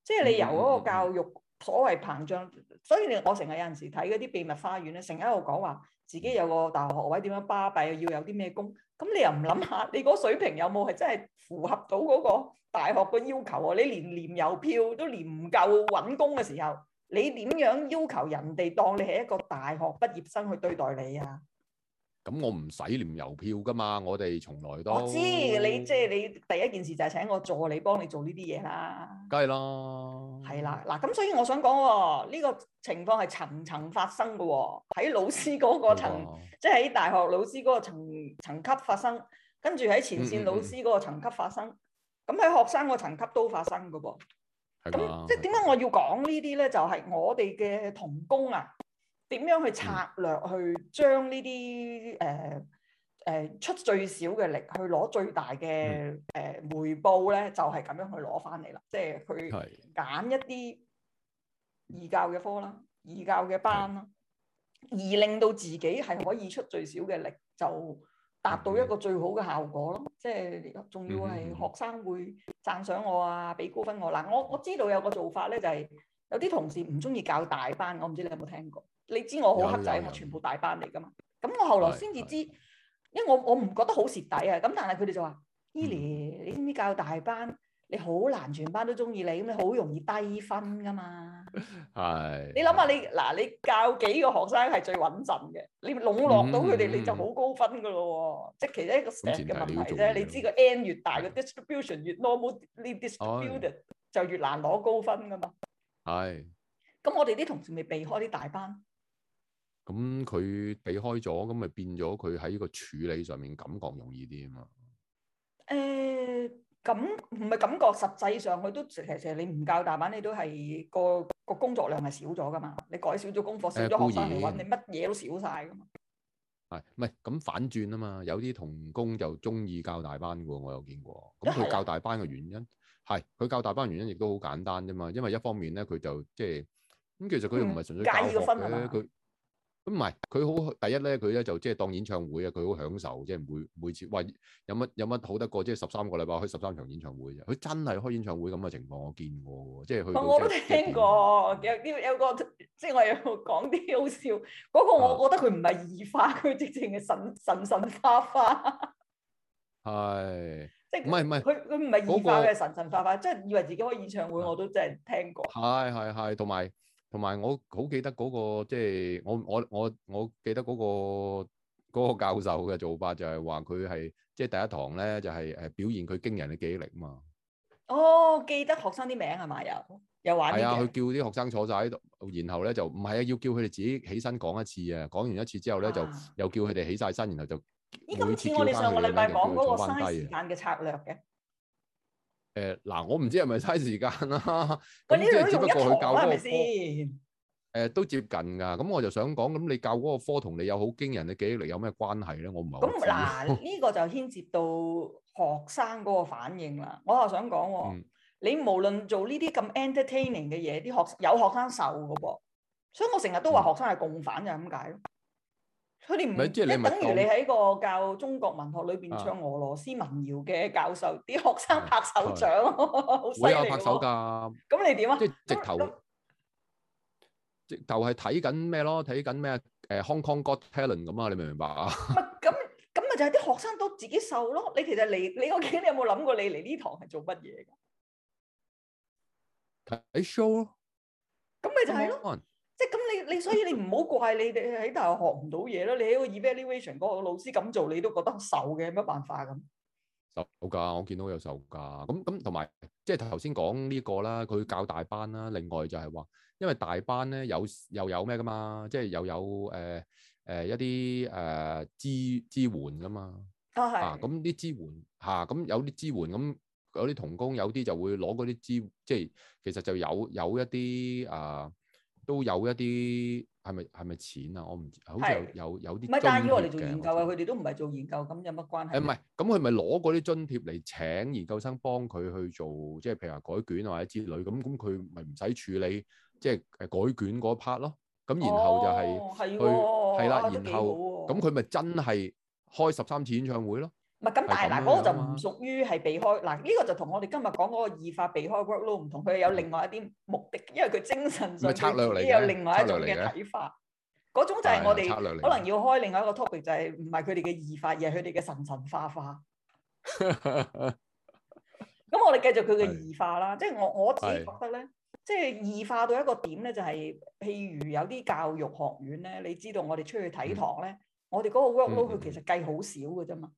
即、就、係、是、你由嗰個教育所謂膨脹，嗯、所以我成日有陣時睇嗰啲秘密花園咧，成日喺度講話自己有個大學學位點樣巴閉，要有啲咩工。咁你又唔諗下，你個水平有冇係真係符合到嗰個大學嘅要求啊？你連連郵票都連唔夠揾工嘅時候，你點樣要求人哋當你係一個大學畢業生去對待你啊？咁我唔使連郵票噶嘛，我哋從來都我知你即係、就是、你第一件事就係請我助理幫你做呢啲嘢啦，梗係囉，係啦嗱咁，所以我想講喎，呢、這個情況係層層發生嘅喎，喺老師嗰個層，的即係喺大學老師嗰個層層級發生，跟住喺前線老師嗰個層級發生，咁喺、嗯嗯嗯、學生個層級都發生嘅噃，咁的即係點解我要講呢啲咧？就係、是、我哋嘅童工啊！點樣去策略去將呢啲誒誒出最少嘅力去攞最大嘅誒回報咧？就係、是、咁樣去攞翻嚟啦。即係佢揀一啲易教嘅科啦，易教嘅班啦，的而令到自己係可以出最少嘅力，就達到一個最好嘅效果咯。的即係仲要係學生會讚賞我啊，俾高分我嗱。我我知道有個做法咧，就係、是、有啲同事唔中意教大班，我唔知你有冇聽過。你知我好黑仔，我全部大班嚟噶嘛？咁我後來先至知，因為我我唔覺得好蝕底啊。咁但係佢哋就話，Eli，你知唔知教大班，你好難全班都中意你，咁你好容易低分噶嘛？係。你諗下你嗱，你教幾個學生係最穩陣嘅，你籠絡到佢哋，你就好高分噶咯喎。即係其實一個 step 嘅問題啫。你知個 n 越大，個 distribution 越 normally distributed 就越難攞高分噶嘛？係。咁我哋啲同事咪避開啲大班。咁佢避開咗，咁咪變咗佢喺呢個處理上面感覺容易啲啊嘛？誒、呃，感唔係感覺，實際上佢都其實其實你唔教大班，你都係個個工作量係少咗噶嘛？你改少咗功課，少咗學生嚟搵、呃、你，乜嘢都少晒噶嘛？係，唔係咁反轉啊嘛？有啲同工就中意教大班嘅，我有見過。咁佢教大班嘅原因係佢、啊、教大班原因亦都好簡單啫嘛？因為一方面咧，佢就即係咁、嗯，其實佢又唔係純粹介意個分啊唔係佢好第一咧，佢咧就即係當演唱會啊！佢好享受，即係每每次，哇！有乜有乜好得過？即係十三個禮拜開十三場演唱會啫！佢真係開演唱會咁嘅情況，我見過喎。即係佢、啊。我都聽過有啲有個，即係我有講啲好笑。嗰、嗰個我覺得佢唔係二花，佢直情係神神神花花。係、嗰個。唔係唔係，佢佢唔係二花嘅神神花花，即係以為自己開演唱會，我都真係聽過。係係係，同埋。同埋我好記得嗰、那個即係我我我我記得嗰、那個那個教授嘅做法就係話佢係即係第一堂咧就係、是、誒表現佢驚人嘅記憶力啊嘛。哦，記得學生啲名係咪？又又玩？係啊，佢叫啲學生坐晒喺度，然後咧就唔係啊，要叫佢哋自己起身講一次啊，講完一次之後咧就又叫佢哋起晒身，然後就咦，每次我哋、啊、上個禮拜講嗰個嘥時間嘅策略嘅。誒嗱、呃，我唔知係咪嘥時間啦。咁即係只不過去教嗰咪先。誒、呃、都接近㗎。咁我就想講，咁你教嗰個科同你有好驚人嘅記憶力有咩關係咧？我唔係咁嗱，呢、啊呢個就牽涉到學生嗰個反應啦。我話想講喎，嗯、你無論做呢啲咁 entertaining 嘅嘢，啲學有學生受噶噃，所以我成日都話學生係共犯，就係咁解咯。佢哋唔即係等於你喺個教中國文學裏邊唱俄羅斯民謠嘅教授，啲、啊、學生拍手掌，好 犀利喎！會有拍手㗎？咁你點啊？即係直頭，那直頭係睇緊咩咯？睇緊咩？誒、uh，Hong Kong Got Talent 咁啊！你明唔明白啊？咁， 咁咪就係啲學生都自己受咯。你其實嚟，你我記得你有冇諗過你嚟呢堂係做乜嘢㗎？睇看 show 咯、就是，咁咪就係咯。即係咁，你你所以你唔好怪你哋喺大學學唔到嘢咯。你喺個 evaluation 嗰個老師咁做，你都覺得受嘅，有乜辦法咁？受好㗎，我見到有受㗎。咁咁同埋，即係頭先講呢個啦，佢教大班啦。另外就係話，因為大班咧有又有咩㗎嘛？即係又有誒誒、呃呃、一啲誒、呃、支支援㗎嘛。啊係啊，咁啲、啊、支援嚇，咁、啊、有啲支援咁有啲童工，有啲就會攞嗰啲支，即係其實就有有一啲啊。都有一啲係咪係咪錢啊？我唔知，好似有是有有啲。唔係，但係如果我哋做研究啊，佢哋都唔係做研究，咁有乜關係？誒唔係，咁佢咪攞嗰啲津貼嚟請研究生幫佢去做，即係譬如話改卷啊、或者之類咁，咁佢咪唔使處理，即係誒改卷嗰一 part 咯。咁然後就係去係啦，然後咁佢咪真係開十三次演唱會咯。咁，但係嗱，嗰、啊、個就唔屬於係避開嗱。呢、啊這個就同我哋今日講嗰個異化避開 work load 唔同，佢有另外一啲目的，因為佢精神上已經有另外一種嘅睇法。嗰種就係我哋可能要開另外一個 topic，就係唔係佢哋嘅異化，而係佢哋嘅神神化化。咁 我哋繼續佢嘅異化啦，是即係我我自己覺得咧，即係異化到一個點咧、就是，就係譬如有啲教育學院咧，你知道我哋出去睇堂咧，嗯、我哋嗰個 work load 佢其實計好少嘅啫嘛。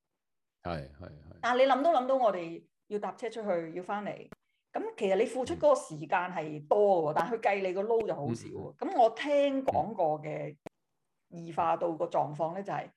係係但係你諗都諗到，我哋要搭車出去，要翻嚟，咁其實你付出嗰個時間係多嘅，但係佢計你個撈就好少。咁、嗯、我聽講過嘅異化道個狀況咧，就係、是、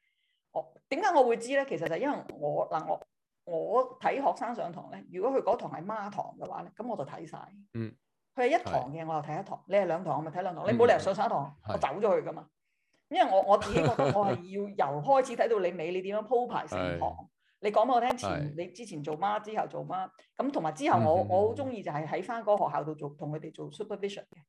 我點解我會知咧？其實就係因為我嗱、呃，我我睇學生上堂咧，如果佢嗰堂係孖堂嘅話咧，咁我就睇晒。嗯，佢係一堂嘅的，我又睇一堂；你係兩堂，我咪睇兩堂。你冇理由上晒一堂，嗯、我走咗去噶嘛？的因為我我自己覺得我係要由開始睇到你尾，你點樣鋪排成堂。的 你講俾我聽，前你之前做咩？之後做咩？咁同埋之後我，嗯嗯嗯、我我好中意就係喺返嗰個學校度做，同佢哋做 supervision 嘅。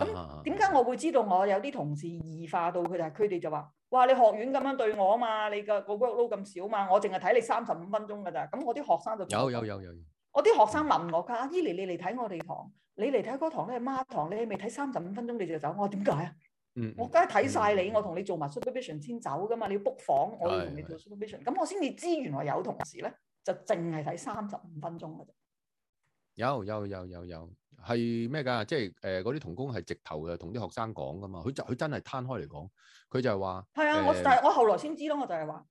咁點解我會知道我有啲同事異化到佢哋？佢哋就話：哇！你學院咁樣對我啊嘛，你個個 workload 咁少啊嘛，我淨係睇你三十五分鐘㗎咋？咁我啲學生就有有有有。有有有我啲學生問我：阿依妮，你嚟睇我哋堂？你嚟睇嗰堂咧？你係咩堂，你未睇三十五分鐘你就走，我話點解啊？嗯，我梗係睇晒你，對我同你做埋 supervision 先走噶嘛，你要 book 房，我要同你做 supervision，咁我先至知原來有同事咧，就淨係睇三十五分鐘噶啫。有有有有有，係咩噶？即係誒，嗰、就、啲、是呃、童工係直頭嘅，同啲學生講噶嘛，佢就佢真係攤開嚟講，佢就係話係啊，我、呃、但係我後來先知咯，我就係話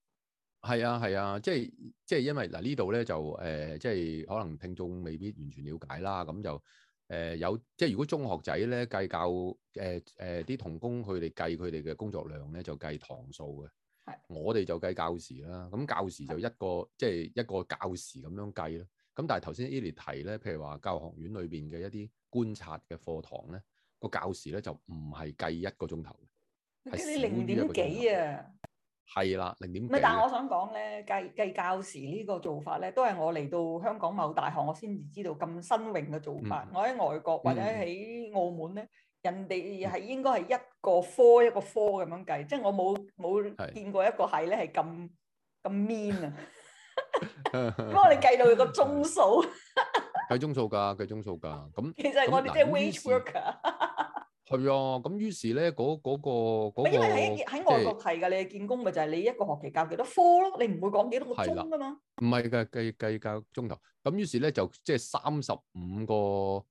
係啊係啊，啊，啊，啊，即係即係因為嗱、啊、呢度咧就誒、呃，即係可能聽眾未必完全了解啦，咁、啊、就。誒、呃、有即係如果中學仔咧，計教誒誒啲同工佢哋計佢哋嘅工作量咧，就計堂數嘅，係的我哋就計教時啦。咁教時就一個的即係一個教時咁樣計啦。咁但係頭先 Eli 提咧，譬如話教學院裏邊嘅一啲觀察嘅課堂咧，個教時咧就唔係計一個鐘頭，係零點幾啊。係啦，零點。唔係，但係我想講咧，計計教時呢個做法咧，都係我嚟到香港某大學，我先至知道咁新穎嘅做法。嗯、我喺外國或者喺澳門咧，嗯、人哋係應該係一個科一個科咁樣計，即係我冇冇見過一個係咧係咁咁 mean 啊！咁我哋計到個鐘數，計鐘數㗎，計鐘數㗎。咁其實我哋即係 wage worker。係啊，咁於是咧，嗰、嗰個嗰、嗰個、因為喺喺外國係噶，就係、你見工咪就係你一個學期教幾多科咯，你唔會講幾多個鐘噶嘛。唔係噶，計計計鐘頭。咁於是咧就即係三十五個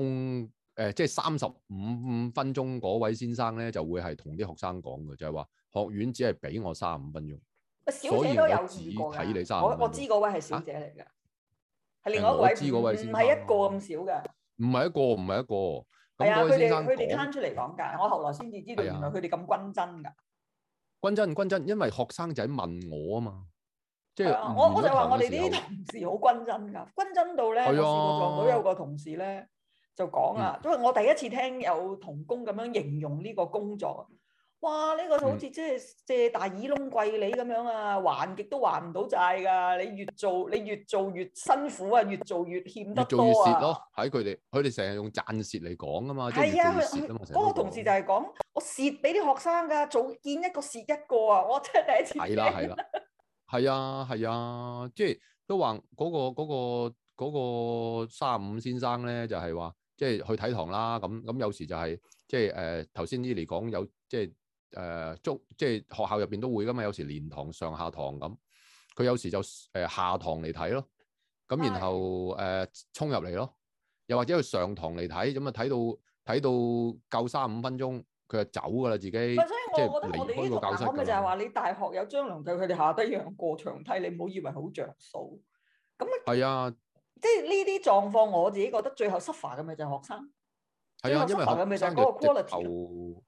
鐘，誒，即係三十五分鐘嗰位先生咧就會係同啲學生講嘅，就係、係、話學院只係俾我三五分鐘。小姐都有遇過嘅。我我知嗰位係小姐嚟嘅，係、啊、另外一位，唔係一個咁少嘅。唔係一個，唔係一個。係啊，佢哋佢哋攤出嚟講噶，嗯、我後來先至知道原來佢哋咁均真噶。均真唔均真，因為學生仔問我啊嘛，即係、啊、我我就話我哋啲同事好均真噶，均真到咧，啊、我試過坐到有個同事咧就講啊，嗯、因為我第一次聽有同工咁樣形容呢個工作。哇！呢、這個就好似即係借大耳窿貴利咁樣啊，還極都還唔到債㗎。你越做，你越做越辛苦啊，越做越欠得多、啊、越做越蝕咯，喺佢哋，佢哋成日用賺蝕嚟講㗎嘛。即、就、係、是、啊，嗰個同事就係講我蝕俾啲學生㗎，早見一個蝕一個啊！我真係第一次。係啦，係啦，係啊，係啊，即係都話嗰個嗰個三五先生咧，就係話即係去睇堂啦。咁咁有時就係、是就是呃、即係誒頭先啲嚟講有即係。誒，中、呃、即係學校入邊都會噶嘛，有時連堂上下堂咁，佢有時就誒下堂嚟睇咯，咁然後誒衝入嚟咯，又或者去上堂嚟睇，咁啊睇到睇到夠三五分鐘，佢就走噶啦，自己即係離開個教室。我咪就係話你大學有張良教，佢哋下得樣過長睇，你唔好以為好着數。咁係啊，的即係呢啲狀況，我自己覺得最後失 u 嘅咪就係學生。係啊，因為咪就嗰個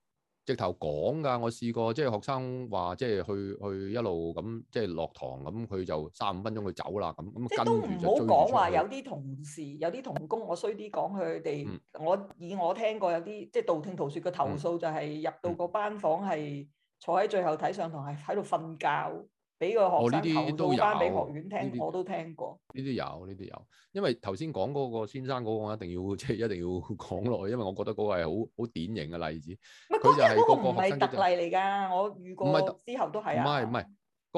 直頭講㗎，我試過即係學生話，即係去去，去一路咁，即係落堂咁，佢就三五分鐘佢走啦，咁咁即係跟住就追住都唔好講話，有啲同事有啲同工，我衰啲講佢哋，嗯、我以我聽過有啲即係道聽途説嘅投訴、就係，就係、嗯、入到個班房係、嗯、坐喺最後睇上堂係喺度瞓覺。俾個學生唔回翻俾學院聽，哦、呢啲都有我都聽過。呢啲有，呢啲有，因為頭先講嗰個先生嗰個我一定要即係、就是、一定要講落去，因為我覺得嗰個係好好典型嘅例子。佢、哦、就係嗰個唔係特例嚟㗎，呢啲我遇過之後都係啊。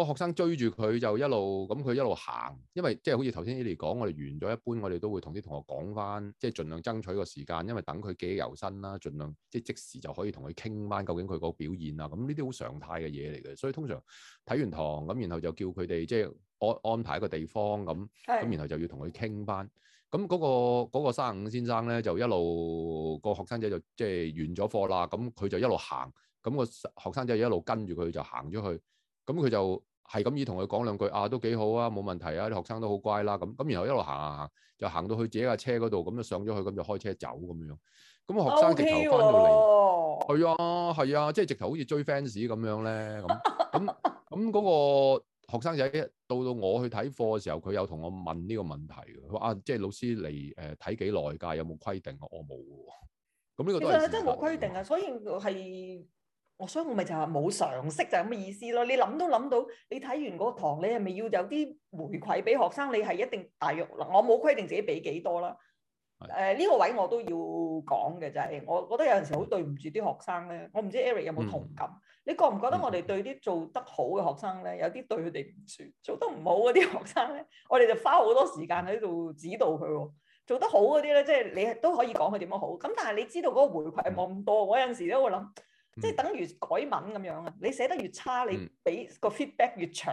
個學生追住佢就一路咁，佢一路行，因為即係好似頭先 Eli 講，我哋完咗一般，我哋都會同啲同學講翻，即係儘量爭取個時間，因為等佢記憶猶新啦，儘量即係、就是、即時就可以同佢傾翻究竟佢個表現啊。咁呢啲好常態嘅嘢嚟嘅，所以通常睇完堂咁，然後就叫佢哋即係安安排一個地方咁，咁是然後就要同佢傾翻。咁嗰、那個嗰、那個三五先生咧就一路、那個學生仔就即係完咗課啦，咁佢就一路行，咁、那個學生仔一路跟住佢就行咗去。咁佢就係咁樣同佢講兩句，啊都幾好啊，冇問題啊，啲學生都好乖啦。咁咁然後一路行行行，就行到去自己架車嗰度，咁就上咗去，咁就開車走咁樣。咁學生直頭翻到嚟，係 Okay. 啊係啊,啊，即係直頭好似追 fans 咁樣咧。咁咁咁嗰個學生仔到到我去睇課嘅時候，佢有同我問呢個問題，佢話啊即係老師嚟誒睇幾耐㗎？有冇規定 我冇喎。咁呢個都係真係冇規定啊，所以係。我所以我咪就係冇常識就係咁嘅意思咯。你諗都諗到，你睇完嗰堂，你係咪要有啲回饋俾學生？你係一定大約嗱，我冇規定自己俾幾多啦。誒呢是、呃呢個位我都要講嘅就係、是，我覺得有陣時好對唔住啲學生咧。我唔知 Eric 有冇同感？嗯、你覺唔覺得我哋對啲做得好嘅學生咧，有啲對佢哋唔住；做得唔好嗰啲學生咧，我哋就花好多時間喺度指導佢喎。做得好嗰啲咧，即、就、係、是、你都可以講佢點樣好。咁但係你知道嗰個回饋冇咁多，我有陣時都會諗。即係等於改文咁樣啊！你寫得越差，你俾個 feedback 越長。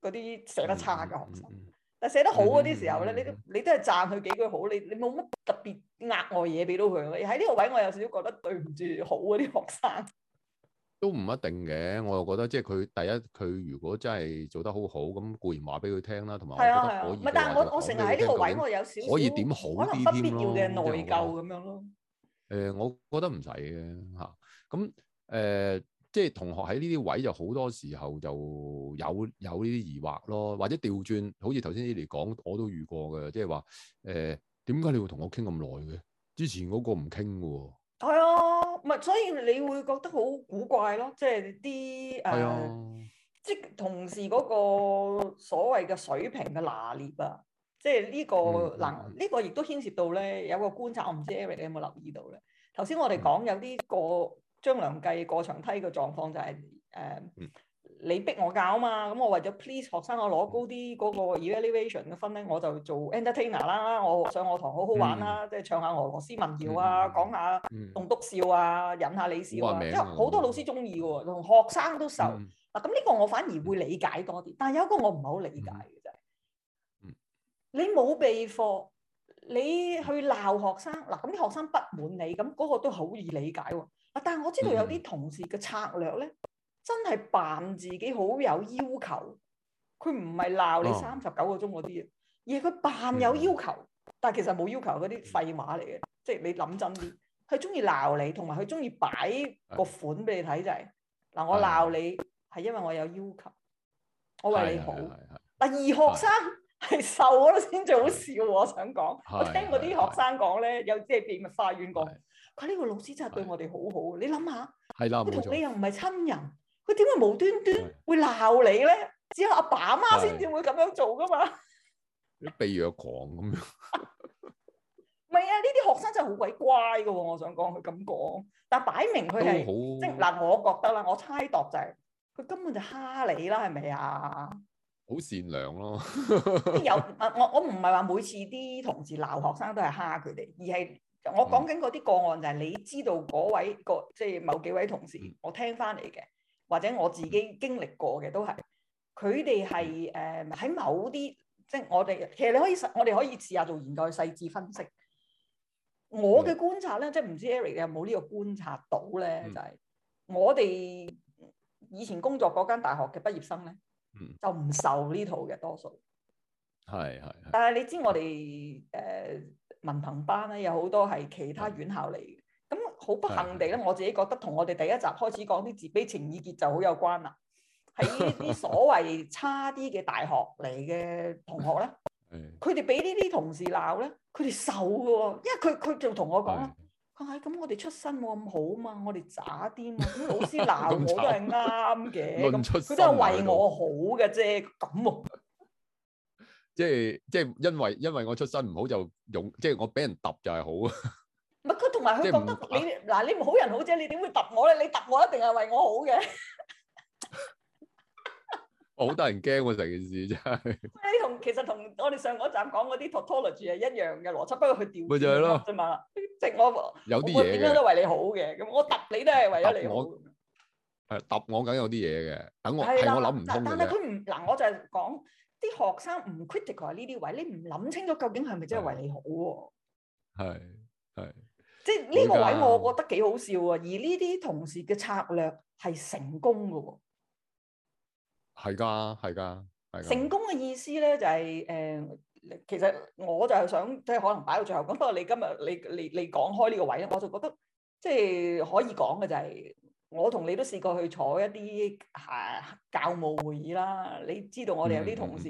嗰啲寫得差嘅學生，但寫得好嗰啲時候咧，你都你都係讚佢幾句好，你你冇乜特別額外嘢俾到佢喺呢個位，我有少少覺得對唔住好嗰啲學生。都唔一定嘅，我又覺得即係佢第一，佢如果真係做得好好咁，固然話俾佢聽啦，同埋係啊係啊。唔係，但係我我成日喺呢個位，我有少少可以點好？可能不必要嘅內疚咁樣咯。誒，我覺得唔使嘅嚇。咁誒、呃，即係同學喺呢啲位就好多時候就有有呢啲疑惑咯，或者調轉，好似頭先啲嚟講，我都遇過嘅，即係話誒點解你會同我傾咁耐嘅？之前嗰個唔傾嘅喎。係啊，唔係，所以你會覺得好古怪咯，即係啲誒，即係同時嗰個所謂嘅水平嘅拿捏啊，即係呢個嗱，呢個亦都牽涉到咧有個觀察，我唔知 Eric 你有冇留意到咧。頭先我哋講有啲、這個。嗯張良計過牆梯嘅狀況就係、是、誒，呃嗯、你逼我教啊嘛，咁我為咗 please 學生我攞高啲嗰個 evaluation 嘅分咧，我就做 entertainer 啦，我上我堂好好玩啦，嗯、即係唱下俄羅斯民謠啊，嗯、講下棟篤笑啊，引下你笑啊，即係好多老師中意喎，同學生都受。嗱咁呢個我反而會理解多啲，但係有一個我唔係好理解嘅就係。嗯、你冇備課，你去鬧學生，嗱咁啲學生不滿你，咁、那、嗰個都好易理解喎。但係我知道有啲同事嘅策略咧，真係扮自己好有要求。佢唔係鬧你三十九個鐘嗰啲嘢，而係佢扮有要求，但係其實冇要求嗰啲廢話嚟嘅。即係你諗真啲，佢中意鬧你，同埋佢中意擺個款俾你睇就係嗱。我鬧你係因為我有要求，我為你好。嗱，而學生係瘦咗先最好笑。我想講，我聽嗰啲學生講咧，有即係秘密花園講。佢呢個老師真係對我哋好好，是你諗下，佢的同你又唔係親人，佢點會無端端會鬧你咧？只有阿爸阿媽先至會咁樣做噶嘛，被虐狂咁樣。唔係啊，呢啲學生真係好鬼乖嘅喎，我想講佢咁講，但擺明佢係很即嗱，我覺得啦，我猜度就係、是、佢根本就蝦你啦，係咪啊？好善良咯， 有我我唔係話每次啲同事鬧學生都係蝦佢哋，而係。我講緊嗰啲個案就係你知道嗰位個即係某幾位同事，我聽翻嚟嘅，或者我自己經歷過嘅都係，佢哋係誒喺某啲即係我哋，其實你可以我哋可以試下做研究，細緻分析。我嘅觀察咧，嗯、即係唔知 Eric 有冇呢個觀察到咧，嗯、就係我哋以前工作嗰間大學嘅畢業生咧，嗯、就唔受呢套嘅多數。係係、嗯。但係你知我哋誒？呃，文憑班咧，有好多係其他院校嚟嘅，咁好不幸地咧，的我自己覺得同我哋第一集開始講啲自卑情意結就好有關啦。喺呢啲所謂差啲嘅大學嚟嘅同學咧，佢哋俾呢啲同事鬧咧，佢哋受嘅喎，因為佢佢就同我講啦，佢係咁，我哋出身冇咁好啊嘛，我哋渣啲啊嘛，老師鬧我都係啱嘅，咁佢 都係為我好嘅啫，咁即係即係，因為因為我出身唔好，就用即係我俾人揼就係好啊。唔係佢同埋佢覺得你嗱你唔好人好啫，你點會揼我咧？你揼我一定係為我好嘅。我好得人驚喎，成件事真係。即係同其實同我哋上嗰站講嗰啲 tautology 係一樣嘅邏輯，不過佢調轉咯啫嘛。即係我有啲嘢點樣都為你好嘅，咁我揼你都係為咗你好。係揼我梗有啲嘢嘅，等我係我諗唔通嘅。但係佢唔嗱，我就係講。啲學生唔 critical 喺呢啲位，你唔諗清楚究竟係咪真係為你好喎？係即係呢個位我覺得幾好笑啊。而呢啲同事嘅策略係成功嘅喎。係㗎，係㗎，成功嘅意思咧就係、是、誒、呃，其實我就係想即係可能擺到最後咁。不過你今日你你你講開呢個位咧，我就覺得即係、就是、可以講嘅就係、是。我同你都試過去坐一啲係教務會議啦。你知道我哋有啲同事，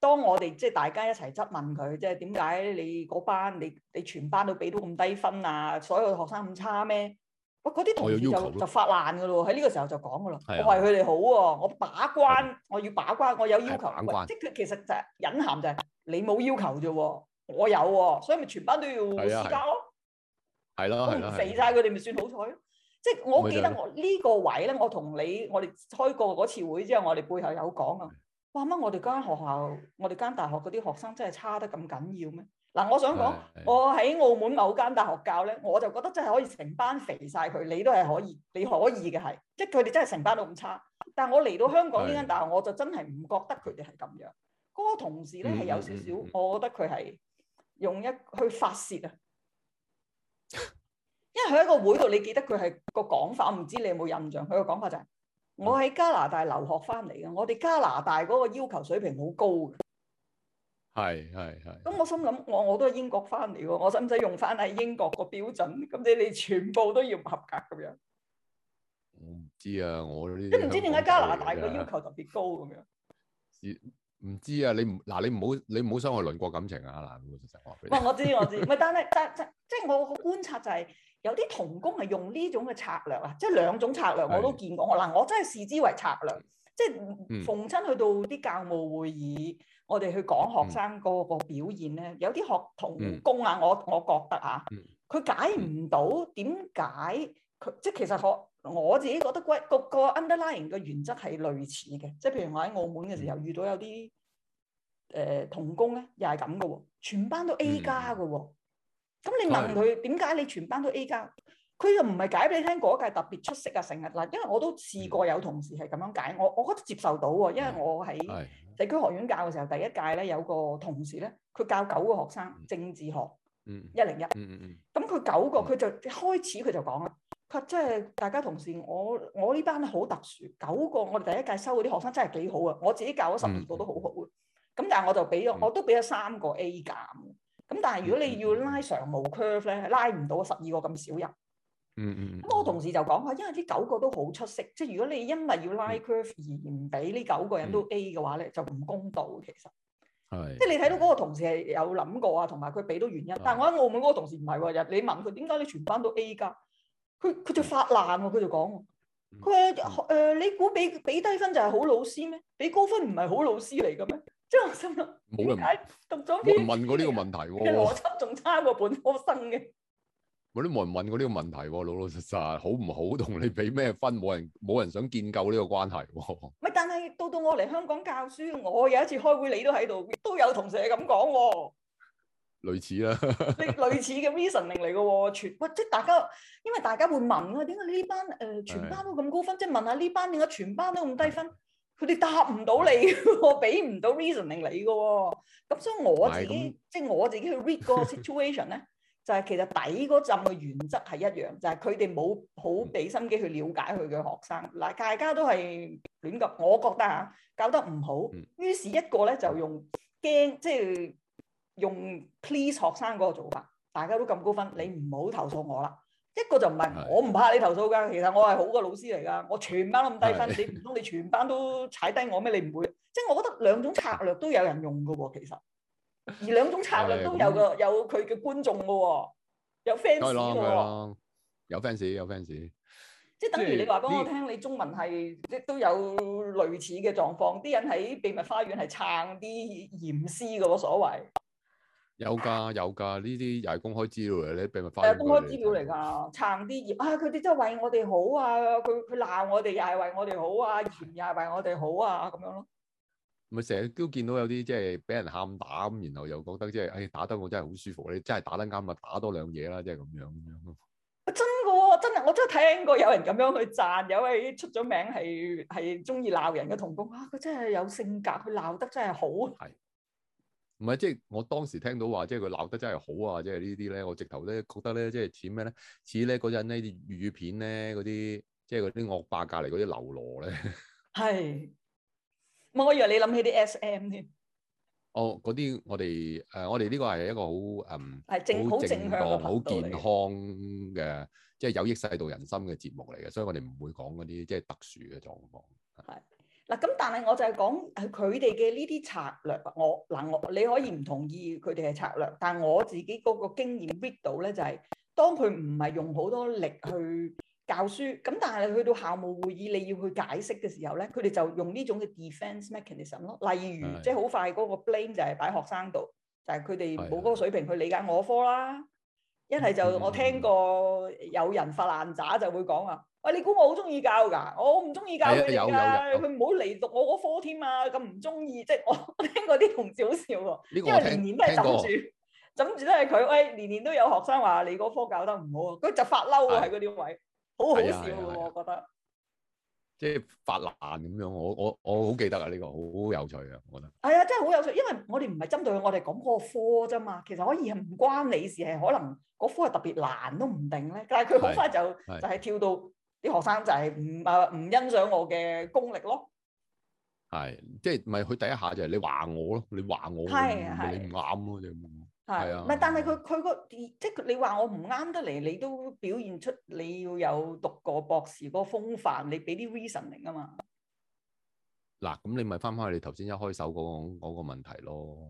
當我哋即係大家一齊質問佢，即係點解你嗰班，你你全班都俾到咁低分啊？所有學生咁差咩？我嗰啲同事就就發爛噶咯喎。喺呢個時候就講噶咯，啊、我為佢哋好喎、哦，我把關，啊、我要把關，我有要求，即佢其實隱就隱含就係你冇要求啫喎、哦，我有喎、哦，所以咪全班都要私教咯、哦，係咯、啊，死晒佢哋咪算好彩咯。即係我記得我呢個位咧，我同你我哋開過嗰次會之後，我哋背後有講啊。話乜我哋間學校，我哋間大學嗰啲學生真係差得咁緊要咩？嗱，我想講，我喺澳門某間大學教咧，我就覺得真係可以成班肥晒佢，你都係可以，你可以嘅係，即係佢哋真係成班都咁差。但係我嚟到香港呢間大學，是我就真係唔覺得佢哋係咁樣。嗰、那個同事咧係、嗯、有少少，嗯、我覺得佢係用一去發泄啊。 因為佢喺個會度，你記得佢係個講法，我唔知你有冇印象。佢個講法就係、是、我喺加拿大留學翻嚟嘅，我哋加拿大嗰個要求水平好高。係係係。咁我心諗，我我都係英國翻嚟喎，我使唔使用翻喺英國個標準？咁你你全部都要合格咁樣。我唔知啊，我呢啲。都唔知點解加拿大個要求特別高咁樣。唔知啊，你唔嗱你唔好你唔好傷害鄰國感情啊嗱。唔係我，你我知我知，唔係 但係但即係我個觀察就係、是。有啲同工係用呢種嘅策略啊，即係兩種策略我都見過。嗱的，我真係視之為策略，即係、嗯、逢親去到啲教務會議，我哋去講學生嗰個表現咧，嗯、有啲學同工啊，我我覺得啊，佢、嗯、解唔到點解佢，即係其實我我自己覺得歸個個 underlying 嘅原則係類似嘅，即係譬如我喺澳門嘅時候遇到有啲誒、呃、同工咧，又係咁嘅喎，全班都 A 加嘅喎。咁你問佢點解你全班都 A 加？佢又唔係解俾你聽嗰屆特別出色啊，成日嗱，因為我都試過有同事係咁樣解，我我覺得接受到喎，因為我喺社區學院教嘅時候，第一屆咧有個同事咧，佢教九個學生政治學，101，嗯，一零一，嗯咁佢九個佢就、嗯、開始佢就講啊，佢真係大家同事，我我呢班好特殊，九個我哋第一屆收嗰啲學生真係幾好啊，我自己教咗十二個都好好啊，咁、嗯嗯嗯、但係我就俾咗，我都俾咗三個 A 減。咁但係如果你要拉常模 curve 咧，拉唔到十二個咁少人。嗯嗯。咁、嗯、我同事就講話，因為啲九個都好出色，即係如果你因為要拉 curve 而唔俾呢九個人都 A 嘅話咧，就唔公道其實。係是。即係你睇到嗰個同事係有諗過啊，同埋佢俾到原因。是但我喺澳門嗰個同事唔係喎，日是你問佢點解你全班都 A 㗎？佢佢就發爛喎，佢就講：佢話誒、嗯呃、你估俾俾低分就係好老師咩？俾高分唔係好老師嚟嘅咩？即係我心諗，冇人解，冇人問過呢個問題喎。佢邏輯仲差過本科生嘅，我都冇人問過呢個問題喎。老老實實，好唔好同你俾咩分？冇人冇人想建構呢個關係喎。咪但係到到我嚟香港教書，我有一次開會，你都喺度，都有同事係咁講，類似啦， 類似嘅 reasoning 嚟嘅喎。全喂，即係大家，因為大家會問啊，點解呢班誒全班都咁高分？即係問下呢班點解全班都咁低分？佢哋答唔到你，我俾唔到 reasoning 你嘅，咁所以我自己即係是我自己去 read 嗰個 situation 咧， 就係其實底嗰陣嘅原則係一樣，就係佢哋冇好俾心機去了解佢嘅學生。嗱，大家都係亂噏，我覺得嚇、啊、教得唔好，於是，一個咧就用驚，即、就、係、是、用 please 學生嗰個做法，大家都咁高分，你唔好投訴我啦。一個就唔係我唔怕你投訴㗎，的其實我係好個老師嚟㗎，我全班咁低分，的你唔通你全班都踩低我咩？你唔會， 即係我覺得兩種策略都有人用嘅喎、哦，其實而兩種策略都有個的有佢嘅觀眾嘅喎、哦，有 fans 喎，哦、有 fans 有 fans，即係等於你話俾我聽的，你中文係即都有類似嘅狀況，啲人喺秘密花園係撐啲嚴師嘅喎，所謂。有噶，有噶，呢啲又係公開資料嚟，你俾咪發俾我哋。公開資料嚟噶，撐啲熱啊！佢哋真係為我哋好啊！佢，佢鬧我哋又係為我哋好啊，完又係為我哋好啊，咁樣咯。咪成日都見到有啲即係俾人喊打咁，然後又覺得即係，誒打得我真係好舒服，你真係打得啱咪打多兩嘢啦，即係咁樣。啊！真噶喎，真係我真係聽過有人咁樣去贊，有位出咗名係，係中意鬧人嘅同工啊！佢真係有性格，佢鬧得真係好。係。唔係，即係、就是、我當時聽到話，即係佢鬧得真係好啊！即、就、係、是、呢啲咧，我直頭咧覺得咧，即係似咩咧？似咧嗰陣咧啲粵語片咧嗰啲，即係嗰啲惡霸隔籬嗰啲流羅咧。係。我以為你諗起啲 S.M. 添。哦，嗰啲我哋誒、呃，我哋呢個係一個好誒，好、嗯、正，正向、好健康嘅，即係有益世道人心嘅節目嚟嘅，所以我哋唔會講嗰啲即係特殊嘅狀況。係。嗱，咁但係我就係講佢哋嘅呢啲策略，我嗱我你可以唔同意佢哋嘅策略，但係我自己嗰個經驗 read 到咧就係、是，當佢唔係用好多力去教書，咁但係去到校務會議你要去解釋嘅時候咧，佢哋就用呢種嘅 defense mechanism 咯，例如的即係好快嗰個 blame 就係擺學生度，就係佢哋冇嗰個水平去理解我科啦，一係就我聽過有人發爛渣就會講啊。喂，你估我好中意教噶？我唔中意教佢哋噶，佢唔好嚟讀我嗰科添啊！咁唔中意，即係我聽過啲同事好笑喎，因為年年都係枕住，枕住都係佢喂，年年都有學生話你嗰科教得唔好啊！佢就發嬲喎喺嗰啲位，好好笑嘅喎，我覺得。即係發爛咁樣，我我我好記得啊！呢個好有趣啊，我覺得。係啊，真係好有趣，因為我哋唔係針對我哋講嗰個科啫嘛，其實可以係唔關你事，係可能嗰科係特別難都唔定咧。但係佢好快就就係跳到。啲學生就係唔、誒唔欣賞我嘅功力咯，係即係咪佢第一下就係你話我咯，你話我你唔啱咯，就係啊，唔係，但係佢佢個即係你話我唔啱得嚟，你都表現出你要有讀過博士嗰個風範，你俾啲 reason 嚟㗎嘛，嗱，咁你咪翻返去你頭先一開手嗰個嗰個問題咯。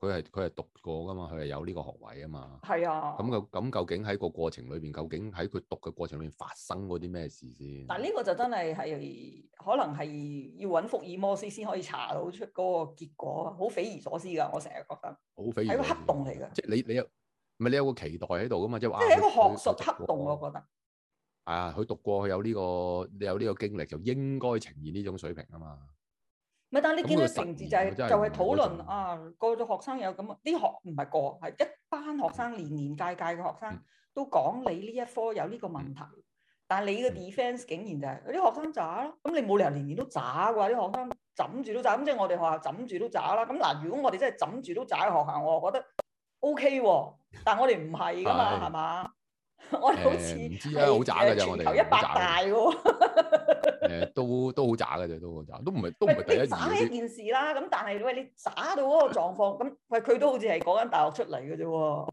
佢係佢係讀過噶嘛，佢係有呢個學位啊嘛。係啊。咁嘅咁究竟喺個過程裏邊，究竟喺佢讀嘅過程裏邊發生嗰啲咩事先？但呢個就真係係可能係要揾福爾摩斯先可以查到出嗰個結果，好匪夷所思㗎！我成日覺得好匪夷所思，係個黑洞嚟㗎、啊。即係你你有，唔係你有個期待喺度㗎嘛？即係即係一個學術黑洞，我覺得。係啊，佢、佢讀過，佢、啊、有呢、呢個，有呢個經歷就應該呈現呢種水平啊嘛。咪但係你見到成字就係就係討論啊，個個學生有咁，啲學唔係個係一班學生年年屆屆嘅學生都講你呢一科有呢個問題，嗯、但係你嘅 defence、嗯、竟然就係、是、啲學生渣咯，咁你冇理由年年都渣啩？啲學生枕住都渣，咁即係我哋學校枕住都渣啦。咁嗱，如果我哋真係枕住都渣嘅學校，我覺得 OK 喎、啊，但係我哋唔係噶嘛，係嘛 的？的我哋好似唔知啊，好渣嘅啫，我哋全球一百大喎 呃。都都好渣嘅啫，都好渣，都唔係都唔係喂第一件事啦。咁但係喂，你渣到嗰個狀況，咁喂佢都好似係講緊大學出嚟嘅啫喎。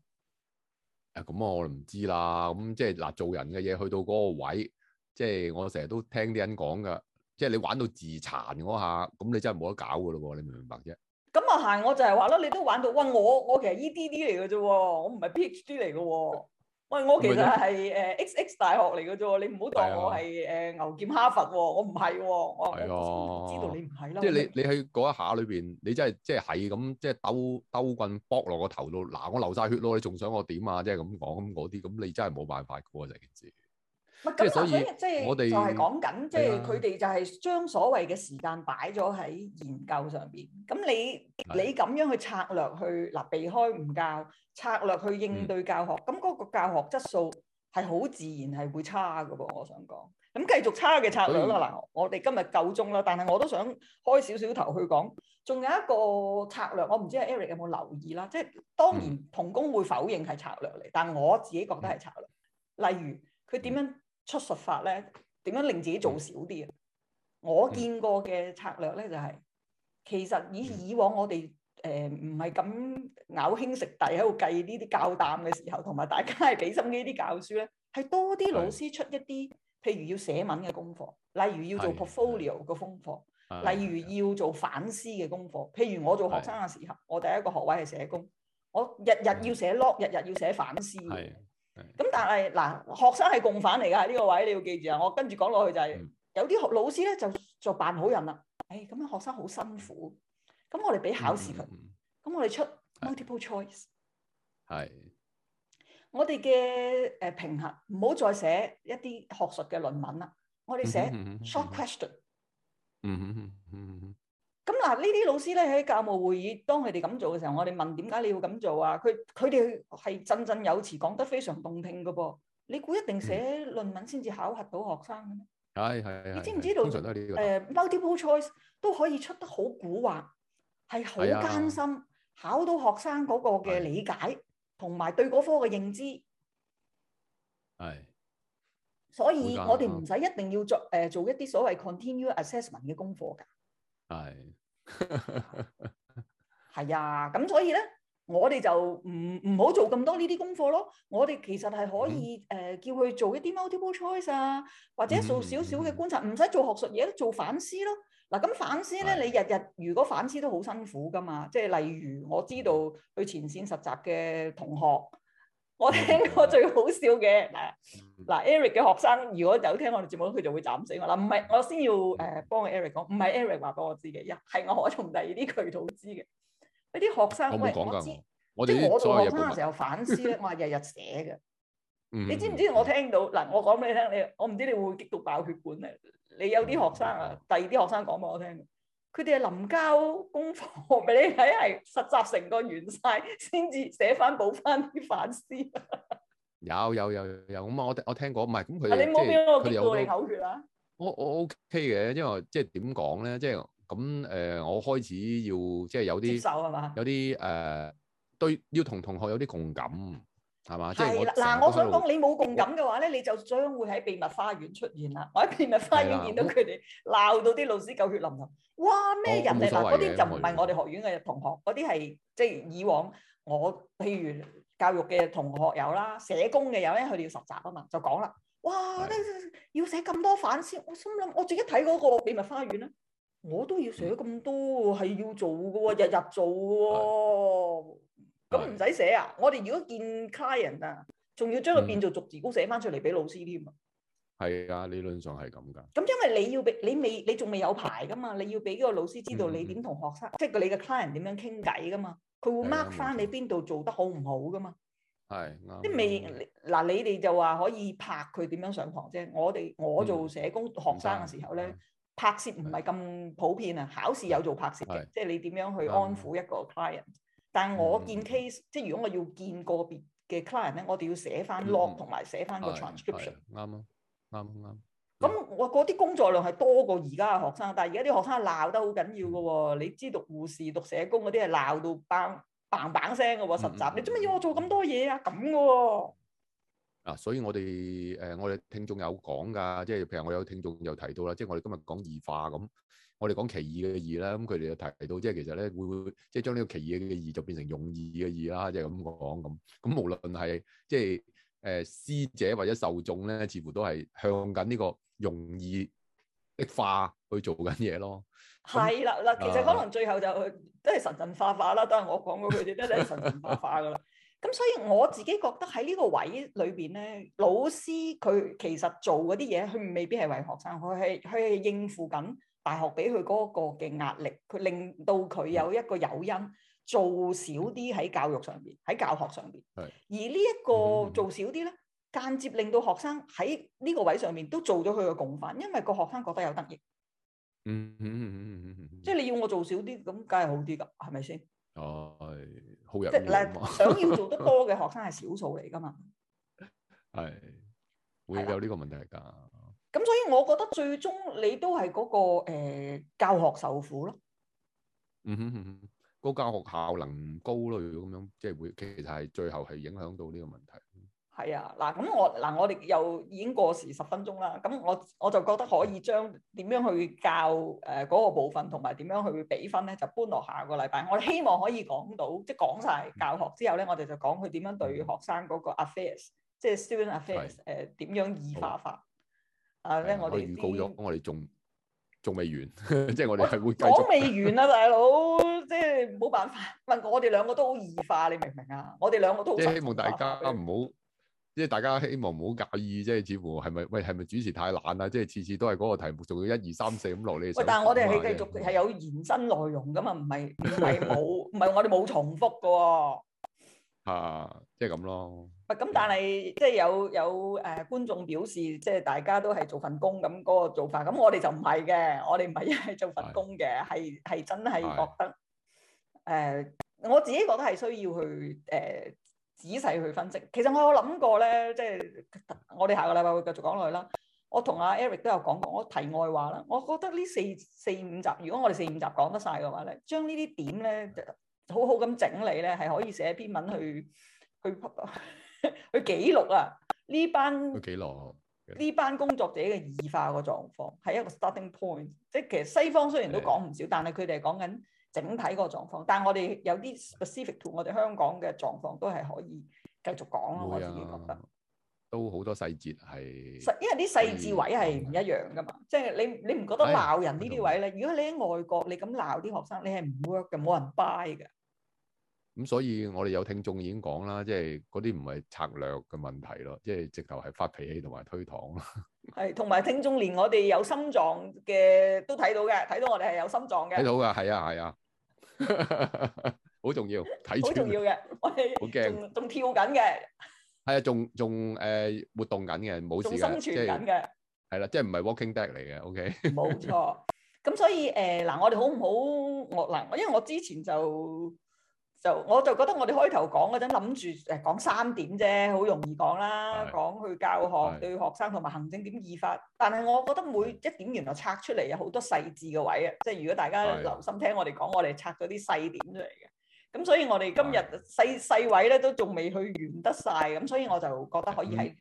咁啊、呃，我唔知啦。咁、嗯、即係嗱、呃，做人嘅嘢去到嗰個位，即係我成日都聽啲人講噶，即係你玩到自殘嗰下，咁你真係冇得搞嘅咯喎，你明唔明白啫？咁啊，行我就係話啦，你都玩到餵、呃、我，我其實 E D D 嚟嘅啫喎，我唔係 PhD 嚟嘅喎。喂，我其實係誒 XX 大學嚟嘅啫，你唔好當我係誒牛劍哈佛喎、哦， 我唔係喎， 我我知道你唔係咯。即係 你， 你喺嗰一下裏邊，你真係即係係咁，即係兜兜棍剝落個頭度，嗱、啊、我流晒血咯，你仲想我點啊？即係咁講嗰啲，咁你真係冇辦法嘅啫，成件事。咁那所以，我哋就係講緊，即係佢哋就係將所謂嘅時間擺咗喺研究上邊。咁你的你咁樣去策略去嗱、啊，避開唔教策略去應對教學，咁嗰、嗯、個教學質素係好自然係會差嘅噃。我想講，咁繼續差嘅策略啦嗱以、啊，我哋今日夠鐘啦，但係我都想開少少頭去講，仲有一個策略，我唔知 Eric 有冇留意啦。即係當然，同工會否認係策略嚟，但係我自己覺得係策略。例如佢點樣？出術法咧，點樣令自己做少啲啊？我見過嘅策略咧、就是，就係其實以以往我哋誒唔係咁咬輕食抵喺度計呢啲教擔嘅時候，同埋大家係俾心機啲教書咧，係多啲老師出一啲，是譬如要寫文嘅功課，例如要做 portfolio 嘅功課，是例如要做反思嘅功課。譬如我做學生嘅時候，是我第一個學位係社工，我日日要寫 log，日日要寫反思。咁但係嗱，學生係共犯嚟噶呢個位，你要記住啊！我跟住講落去就係、是，嗯、有啲學老師咧就就扮好人啦。誒、哎，咁樣學生好辛苦，咁我哋俾考試佢，咁、嗯、我哋出 multiple choice。係，我哋嘅誒平衡，唔好再寫一啲學術嘅論文啦，我哋寫 short question。嗯哼嗯哼。嗯嗯嗯嗯嗯咁嗱，呢啲老師咧喺教務會議，當佢哋咁做嘅時候，我哋問點解你要咁做啊？佢佢哋係振振有詞，講得非常動聽㗎噃。你估一定寫論文先至考核到學生嘅咩？係係、哎。哎哎、你知唔知道？通常、這個 uh, multiple choice 都可以出得好蠱惑，係好艱辛，哎、呀考到學生嗰個嘅理解同埋、哎、對嗰科嘅認知。係、哎。哎、所以我哋唔使一定要做誒、呃、做一啲所謂 continue assessment 嘅功課㗎。係，係 啊，咁所以咧，我哋就唔唔好做咁多呢啲功課咯。我哋其實係可以誒、嗯呃，叫佢做一啲 multiple choice 啊，或者做少少嘅觀察，唔使、嗯、做學術嘢，做反思咯。嗱、啊，咁反思咧，嗯、你日日如果反思都好辛苦噶嘛。即係例如，我知道去前線實習嘅同學。我聽過最好笑嘅嗱嗱 Eric 嘅學生，如果有聽我哋節目，佢就會斬死我嗱。唔係我先要誒幫阿 Eric 講，唔係 Eric 話俾我自己，係、啊、我可從第二啲渠道知嘅。嗰啲學生喂，我，我知，我即我做學生嘅時候反思咧， 我係日日寫嘅。 你知唔知我聽到嗱？我講俾你聽，你我唔知你會激到爆血管咧。你有啲學生啊，第二啲學生講俾我聽。佢哋係臨交功課俾你睇，係實習成個完晒，先至寫翻補翻啲反思。 有有有有咁啊！是我我聽過唔係咁佢，你冇俾我見到你口訣啊！我我 OK 嘅，因為即係點講咧，即係咁誒，我開始要即係有啲，有啲誒、呃，對要同同學有啲共感。係啦，嗱，我想講，你冇共感嘅話咧，你就將會喺秘密花園出現啦。我喺秘密花園見到佢哋鬧到啲老師狗血淋淋。哇，咩人嚟？嗱、哦，嗰啲就唔係我哋學院嘅同學，嗰啲係即係以往我譬如教育嘅同學有啦，社工嘅有咧，佢哋要實習啊嘛，就講啦。哇，你要寫咁多反思，我心諗，我淨係睇嗰個秘密花園咧，我都要寫咁多，係要做嘅喎，日日做喎。咁唔使寫啊！我哋如果見 client 啊，仲要將佢變做逐字稿寫翻出嚟俾老師添啊。係啊，理論上係咁噶。咁因為你要俾你未，你仲未有牌噶嘛？你要俾個老師知道你點同學生，即係、嗯、你嘅 client 點樣傾偈噶嘛？佢會 mark 翻你邊度做得好唔好噶嘛？係啱。即未嗱，你哋就話可以拍佢點樣上堂啫。我哋我做社工學生嘅時候咧，嗯、拍攝唔係咁普遍啊。對考試有做拍攝嘅，即係對你點樣去安撫一個 client。但係我見 case、嗯、即係如果我要見個別嘅 client 咧，我哋要寫翻 log 同埋寫翻個 transcription，啱啊，啱啱。咁我嗰啲工作量係多過而家嘅學生，但係而家啲學生鬧得好緊要嘅喎，哦，你知讀護士、讀社工嗰啲係鬧到 bang bang bang 聲嘅喎，實習、嗯嗯、你做乜要我做咁多嘢啊？咁嘅喎。所以我哋誒、呃、我哋聽眾有講㗎，即係譬如我有聽眾有提到啦，即係我哋今日講異化咁。我哋講奇異嘅異啦，咁佢哋就提到，即係其實咧會會即係將呢個奇異嘅異就變成容易嘅易啦，即係咁講咁。咁無論係即係誒、呃、師者或者受眾咧，似乎都係向緊呢個容易的化去做緊嘢咯。係啦的，嗱、嗯，其實可能最後就都係神神化化啦，都係我講過佢哋都係神神化化噶啦。咁 所以我自己覺得喺呢個位裏邊咧，老師佢其實做嗰啲嘢，佢未必係為學生，佢係佢係應付緊。大學俾佢嗰個嘅壓力，佢令到佢有一個誘因做少啲喺教育上面，喺教學上面。係。而呢一個做少啲咧，間接令到學生喺呢個位上面都做咗佢嘅共犯，因為個學生覺得有得益。嗯嗯嗯嗯嗯嗯。即、嗯、係、嗯嗯嗯嗯嗯、你要我做少啲，咁梗係好啲㗎，係咪先？哦、哎，好有。即係咧，想要做得多嘅學生係少數嚟㗎嘛？係，會有呢個問題㗎。咁所以，我覺得最終你都係嗰、那個、呃、教學受苦咯。嗯哼，個、嗯嗯、教學效能唔高咯，咁樣即係會其實係最後係影響到呢個問題。係啊，嗱咁我嗱我哋又已經過時十分鐘啦。咁我我就覺得可以將點樣去教誒嗰、呃那個部分，同埋點樣去俾分咧，就搬落下個禮拜。我希望可以講到、嗯、即係講晒教學之後咧，我哋就講佢點樣對學生嗰個 affairs、嗯、即係 student affairs 誒點是、呃、樣異化化好。啊！咩、嗯、我哋預告咗，我哋仲仲未完， 即係我哋係會講未完啊，大佬！即係冇辦法，問我哋兩個都好易化，你明唔明啊？我哋兩個都化即係希望大家唔好，嗯、即係大家希望唔好介意，即係似乎係咪喂係咪主持太懶啊？即係次次都係嗰個題目，仲要一二三四咁落嚟。但係我哋係繼續係有延伸內容噶嘛？唔係唔係冇，唔係 我哋冇重複嘅喎。即係咁咯。唔咁，但係即係有有誒、呃、觀眾表示，即係大家都係做份工咁嗰個做法。咁我哋就唔係嘅，我哋唔係一係做份工嘅，係係的真係覺得誒的、呃，我自己覺得係需要去誒、呃、仔細去分析。其實我有諗過咧，即係我哋下個禮拜會繼續講落去啦。我同阿 Eric 都有講過，我題外話啦。我覺得呢四四五集，如果我哋四五集講得晒嘅話咧，將呢啲點咧好好咁整理咧，係可以寫篇文去去。去 佢記 錄啊，呢班佢記錄呢班工作者嘅異化個狀況，係一個 starting point。即係其實西方雖然都講唔少，是但係佢哋係講緊整體個狀況。但係我哋有啲 specific to 我哋香港嘅狀況都係可以繼續講咯。啊、我自己覺得都好多細節係，因為啲細節位係唔一樣噶嘛。即係是你你唔覺得鬧人呢啲位咧？如果你喺外國，你咁鬧啲學生，你係唔 work 嘅，冇人 buy 嘅。咁所以我哋有聽眾已經講啦，即係嗰啲唔係策略嘅問題咯，即係直頭係發脾氣同埋推搪咯。係，同埋聽眾連我哋有心臟嘅都睇到嘅，睇到我哋係有心臟嘅。睇到㗎，係啊，係啊，好 重要，睇好 重要嘅，我哋好驚，仲跳緊嘅。係啊，仲仲誒活動緊嘅，冇事嘅，生存緊嘅。係啦，即係唔係 walking back 嚟嘅？OK。冇錯。咁所以誒嗱，我哋好唔好我嗱？因為我之前就。就我就覺得我哋開頭講嗰陣諗住誒講三點啫，好容易講啦，是的 講去教學對學生同埋行政點易法。但係我覺得每一點原來拆出嚟有好多細緻嘅位啊，即係如果大家留心聽我哋講，我哋拆咗啲細點出嚟嘅。咁所以我哋今日細是的 細，細位咧都仲未去完得晒。咁所以我就覺得可以係誒、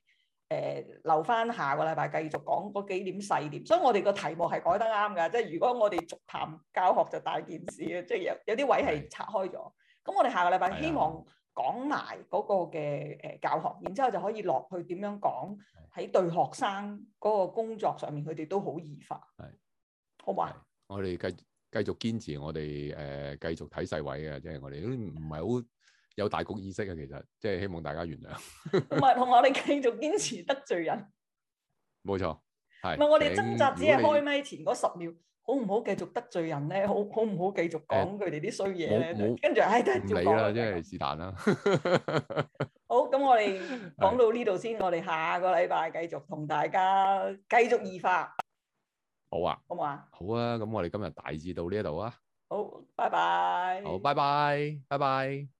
嗯呃、留翻下個禮拜繼續講嗰幾點細點。所以我哋個題目係改得啱㗎，即係如果我哋續談教學就大件事啊，即係 有有啲位係拆開咗。咁我哋下個禮拜希望講埋嗰個嘅誒教學，然之後就可以落去點樣講喺對學生嗰個工作上面，佢哋都好異化，好唔好？我哋繼繼續堅持我哋誒繼續睇細位嘅，即係我哋都唔係好有大局意識嘅，其實即係希望大家原諒。唔係同我哋繼續堅持得罪人，冇錯，係。唔係我哋掙扎只係開咪前嗰十秒。好唔好繼續得罪人咧？好好唔好繼續講佢哋啲衰嘢咧？跟住唉，都係照講。唔理啦，真係是但啦。好，咁我哋講到呢度先，是我哋下個禮拜繼續同大家繼續異化。好啊，好唔嗎好啊？好啊，咁我哋今日大致到呢一度啊。好，拜拜。好，拜拜，拜拜。